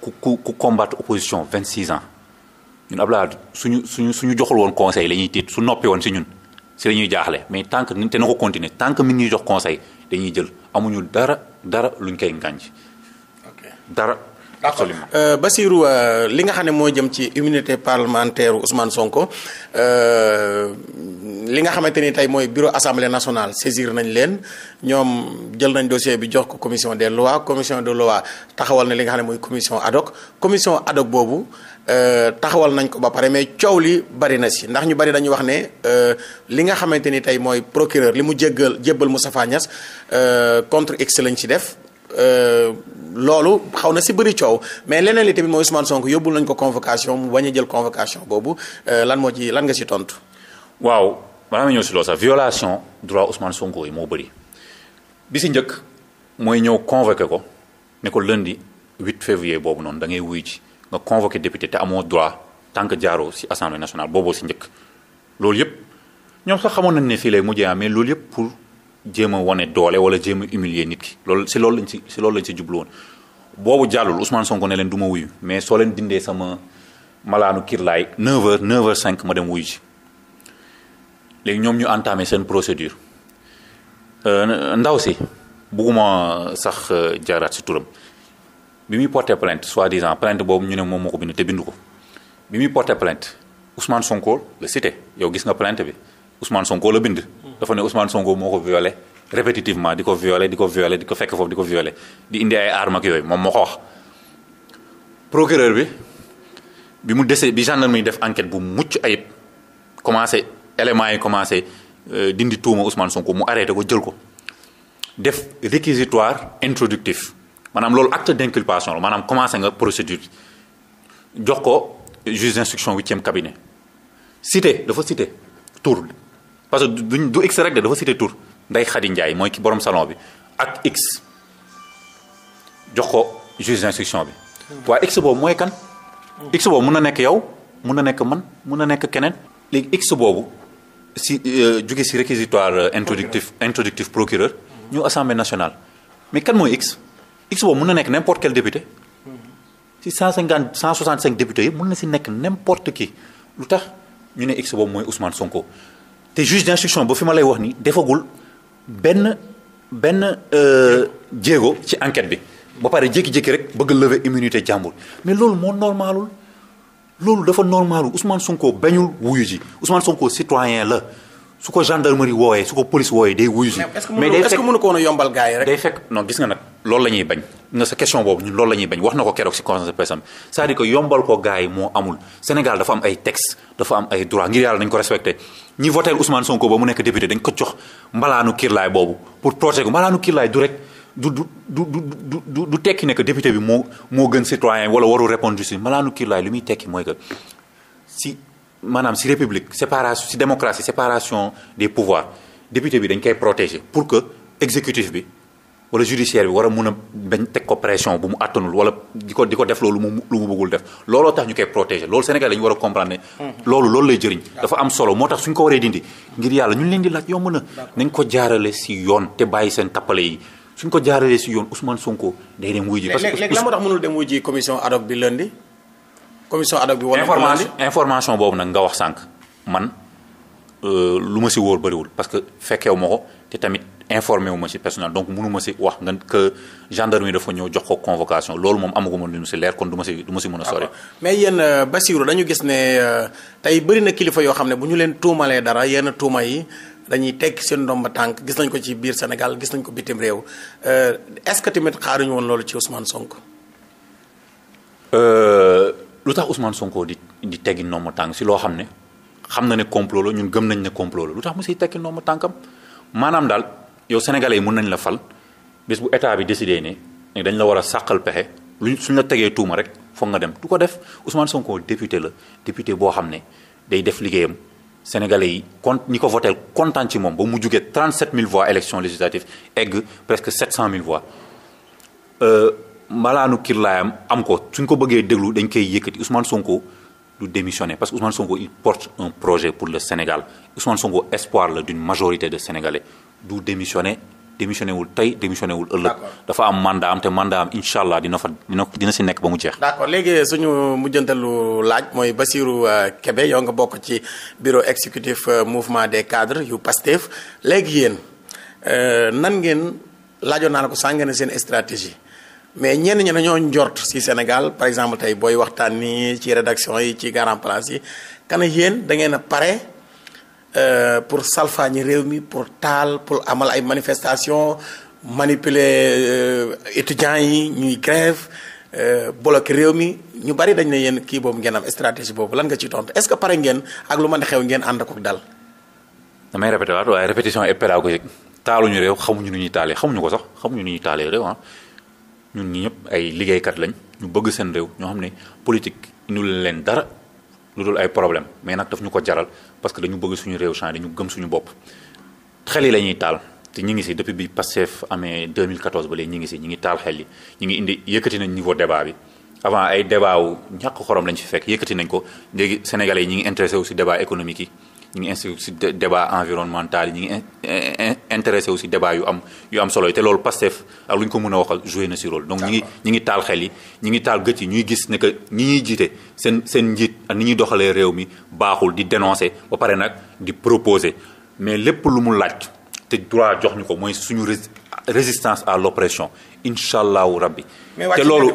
ku ku ku combattre opposition 26 ans. ñun Abdoulaye suñu suñu suñu joxul woon conseil la ñuy tiit su noppi woon si ñun si la ñuy jaaxle mais tant que te na ko continuer tant que mi ngi ñuy jox conseil dañuy jël amuñu dara dara luñ koy ngànj dara. d'accord euh, Bassirou euh, li nga xam ne moo jëm ci immunité parlementaire Ousmane Sonko euh, li nga xamante ni tey mooy bureau assemblée nationale saisir nañ leen ñoom jël nañ dossier bi jox ko commission des lois commission des lois taxawal na li nga xam ne mooy commission ad hoc commission boobu Euh, taxawal nañ ko ba pare mais coow li bari na si ndax ñu bari dañu wax ne euh, li nga xamante ni tey mooy procureur li mu jéggal jébbal mu Moustapha Niass euh, contre x lañ ci def loolu xaw na si bëri coow mais leneen li tamit mooy Ousmane Sonko yóbbul nañ ko convocation mu bañ a jël convocation boobu lan moo ci lan nga si tontu. waaw balaa ñëw si loolu sax violation droit Ousmane Sonko yi moo bëri bi si njëkk mooy ñëw convoqué ko ne ko lundi 8 février boobu noonu da ngay wuy ji. nga convoqué député te amoo droit tant que jaaroo ci assemblée nationale booboo ci njëkk. loolu yëpp ñoom sax xamoon nañ ne fii lay mujjee mais loolu yëpp pour jéem a wane doole wala jéem a humilier nit ki loolu ci loolu lañ ci ci loolu lañ ci jublu woon. boobu jàllul Ousmane leen du ma wuyu mais soo leen sama malaanu kirlaay 9h 9h05 ma dem wuyu léegi ñoom ñu entamé seen procédure euh, ndaw si bugguma sax euh, jaaraat ci turam. bi muy porté plainte soi-disant plainte boobu ñu ne moom moo ko bind te bindu ko bi muy porté plainte Ousmane Sonko la cité yow gis nga plainte bi Ousmane Sonko la bind. dafa ne Sonko moo ko violé répétitivement di ko violé di ko violé di ko fekk foofu ko violé indi ak yooyu moom moo ko wax. bi bi mu dese bi gendarme yi def enquête bu mucc ayib commencé éléments yi commencé euh, dindi tuuma Ousmane Sonko mu arrêté ko jël ko def réquisitoire introductif. maanaam loolu acte d'inculpation la maanaam commencé nga procédure jox ko juge d'instruction huitième cabinet cité dafa cité tour parce que duñ du x rek de dafa cité tour Ndeye Khady Ndiaye mooy ki borom salon bi ak x jox ko juge d'instruction bi. waaye x boobu mooy kan. x boobu mun na nekk yow mun na nekk man mun na nekk keneen. léegi x boobu si euh, jóge si réquisitoire euh, introductif introductif procureur ñu assemblée nationale mais kan mooy x. x mun mën na nekk n'importe quel député si cent cinquante cent soixante cinq député yëpp mën na si nekk n'importe qui lu tax ñu ne x mooy Ousmane Sonko te juge d'instruction ba fi ma lay wax nii defagul benn benn euh, jéego ci enquête bi ba pare jékki-jékki rek bëgg lever immunité jàmbur mais loolu moo normalul loolu dafa normalul Ousmane Sonko bañul wuyu ji Ousmane Sonko citoyen la su ko gendarmerie wooyee su ko police wooyee day wuyu si. mais day est-ce que mënu ko a yombal gars yi rek. day fekk non gis nga nag loolu la bañ nga sa question boobu ñun loolu la bañ wax na ko keroog si conférence de presse am cest à yombal ko gars moo amul Sénégal dafa am ay textes dafa am ay droits ngir yàlla nañ ko respecté ñi voté Ousmane Sonko ba mu nekk député dañ ko jox mbalaanu kiirlaay boobu pour protéger ko mbalaanu kiirlaay du rek du du du du du tekki ne que député bi moo moo gën citoyen wala waru répondre justice mbalaanu kiirlaay muy tekki mooy que si maanaam si république séparation ci démocratie séparation des pouvoirs député bi dañ koy protéger pour que exécutif bi wala judiciaire bi war a mun a bañ teg ko pression bu mu àttanul wala di ko di ko def loolu mu lu mu bëggul def looloo tax ñu koy protéger loolu Sénégal dañu war a comprendre ne. Hmm. loolu loolu lay jëriñ. dafa am solo moo tax suñ ko waree dindi. ngir yàlla ñu leen di laaj yomb na. nañ ko jaarale si yoon te bàyyi seen tappale yi suñ ko jaaralee si yoon Ousmane Sonko day dem wuy ji. parce que léegi lan moo tax mënul dem commission ad bi. wala information information boobu nag nga wax sànq man euh, lu ma si wóor bëriwul parce que fekkeewu ma ko te tamit informé wu ma si personnel donc mënuma ma si wax nga que gendarmerie dafa ñëw jox ko convocation loolu moom amaguma lu mu si leer kon du ma si du ma si mën a sori. mais yéen euh, Bassirou dañu gis ne euh, tey bëri na kilifa yoo xam ne bu ñu leen tuumalee dara yenn tuuma yi. dañuy teg seen ndomba tànk gis nañ ko ci biir Sénégal gis nañ ko bitim réew est-ce que woon loolu ci Ousmane Sonko. lu tax Ousmane Sonko di di teggi ndomb tànk si loo xam ne xam na ne complot la ñun gëm nañ ne complot la lu tax mu si tekki ndomb tànkam maanaam daal yow sénégalais yi mën nañ la fal bés bu état bi décidé ne dañ la war a sàqal pexe lu suñ la tegee tuuma rek foog nga dem du ko def Ousmane Sonko député la député boo xam ne day def liggéeyam sénégalais yi kon ñi ko voté kontaan ci moom ba mu jugee 37000 voix élection législative egg presque 700000 voix. Euh, malaanu kirlaayam am ko suñ ko bëggee déglu dañ koy yëkkati Ousmane Sonko du démissionner parce que Ousmane Sonko il porte un projet pour le Sénégal Ousmane Sonko espoir la d'une majorité de Sénégalais du démissionner démissionné wul tey démissionné wul ëllëg. dafa am mandat am te mandat am allah dina fa dina dina si nekk ba mu jeex. d' accord léegi suñu mujjantalu laaj mooy Bassirou euh, kebe yoo nga bokk ci bureau exécutif euh, mouvement des cadres yu PASTEF léegi yéen euh, nan ngeen laajoon naa la ko sànq seen stratégie. mais ñenn ñi dañoo njort si Sénégal par exemple tey booy waxtaan ni ci rédaction yi ci grand place yi kana yéen da ngeen a pare euh, pour ñi réew mi pour taal pour amal ay manifestation manipuler euh, étudiants yi ñuy grève euh, bloqué réew mi ñu bari dañ ne yéen kii boobu ngeen am stratégie boobu lan nga ci tontu est-ce que pare ngeen ak lu mën a xew ngeen ànd ko dal. damay répété waat waaye répétition est pédagogique taaluñu réew xamuñu nu ñuy taalee xamuñ ko sax xamuñu nu ñuy taalee réew ah. ñun ñi ñëpp ay liggéeykat lañ ñu bëgg seen réew ñoo xam ne politique indil leen dara lu dul ay problème mais nag daf ñu ko jaral parce que dañu bëgg suñu réew changé ñu gëm suñu bopp xel yi la taal te ñi ngi si depuis bi Pastef amee 2014 ba léegi ñi ngi si ñi ngi taal xel yi ñi ngi indi yëkkati nañ niveau débat bi avant ay débat wu ñàkk xorom lañ fi fekk yëkkati nañ ko léegi sénégalais yi ñi ngi intéressé wu si économique yi ñu ngi inscrire ci débat environnemental yi ñu ngi intéressé aussi débat yu am yu am solo yi te loolu Pastef ak lu ñu ko mën a waxal joué na ci rôle donc ñi ngi ñi ngi taal xel yi ñi ngi taal gët yi ñuy gis ne que ñi ñuy jiite seen seen njiit ak ni ñuy doxalee réew mi baaxul di dénoncer ba pare nag di proposer mais lépp lu mu laaj te droit jox ñu ko mooy suñu résistance à l'oppression incha allahu rabbi te loolu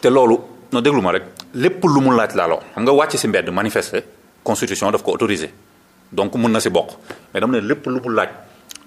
te loolu non déglu ma rek lépp lu mu laaj laaloo xam nga wàcc ci mbedd manifester constitution daf ko autorisé donc mun na si bokk mais dama ne lépp lu mu laaj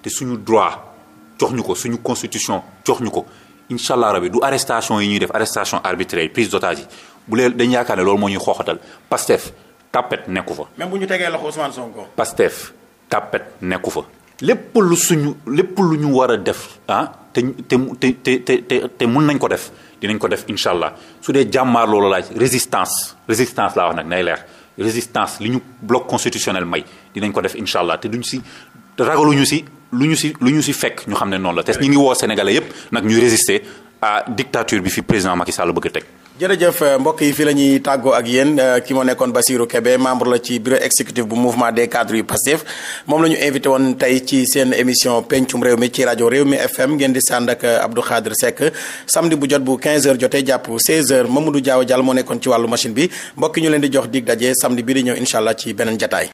te suñu droit jox ñu ko suñu constitution jox ñu ko incha allah rabi du arrestation yi ñuy def arrestation arbitraire prise d'otage yi bu lee dañ yaakaar ne loolu moo ñuy xooxatal Pastef tapet nekku fa. même bu ñu tegee loxo Ousmane Sonko. Pastef tapet nekku fa. lépp lu suñu lépp lu ñu war a def ah te te te te te te mun nañ ko def dinañ ko def incha allah su dee jàmmaar loolu laaj résistance résistance laa wax nag nay leer. résistance li ñu bloc constitutionnel may dinañ ko def incha allah te duñ si ñu si lu ñu si lu ñu si fekk ñu xam ne noonu la te ñu ngi woo sénégalais yépp nag ñu résister à dictature bi fi président Macky Sall bëgg a teg. jërëjëf euh, mbokk yi fii la ñuy tàggoo ak yéen euh, ki moo nekkoon Bassirou Kébé membre la ci bureau exécutif bu mouvement des cadres yu Pastef moom la ñu invité woon tey ci seen émission pencum réew mi ci rajo réew mi FM ngeen di sànd ak euh, Abdou Khadre Seck samedi bu jot bu 15h jotee jàpp 16h Mamadou Diaw Dial moo nekkoon ci wàllu machine bi mbokk ñu leen di jox dig daje samedi bii di ñëw incha allah ci beneen jataay.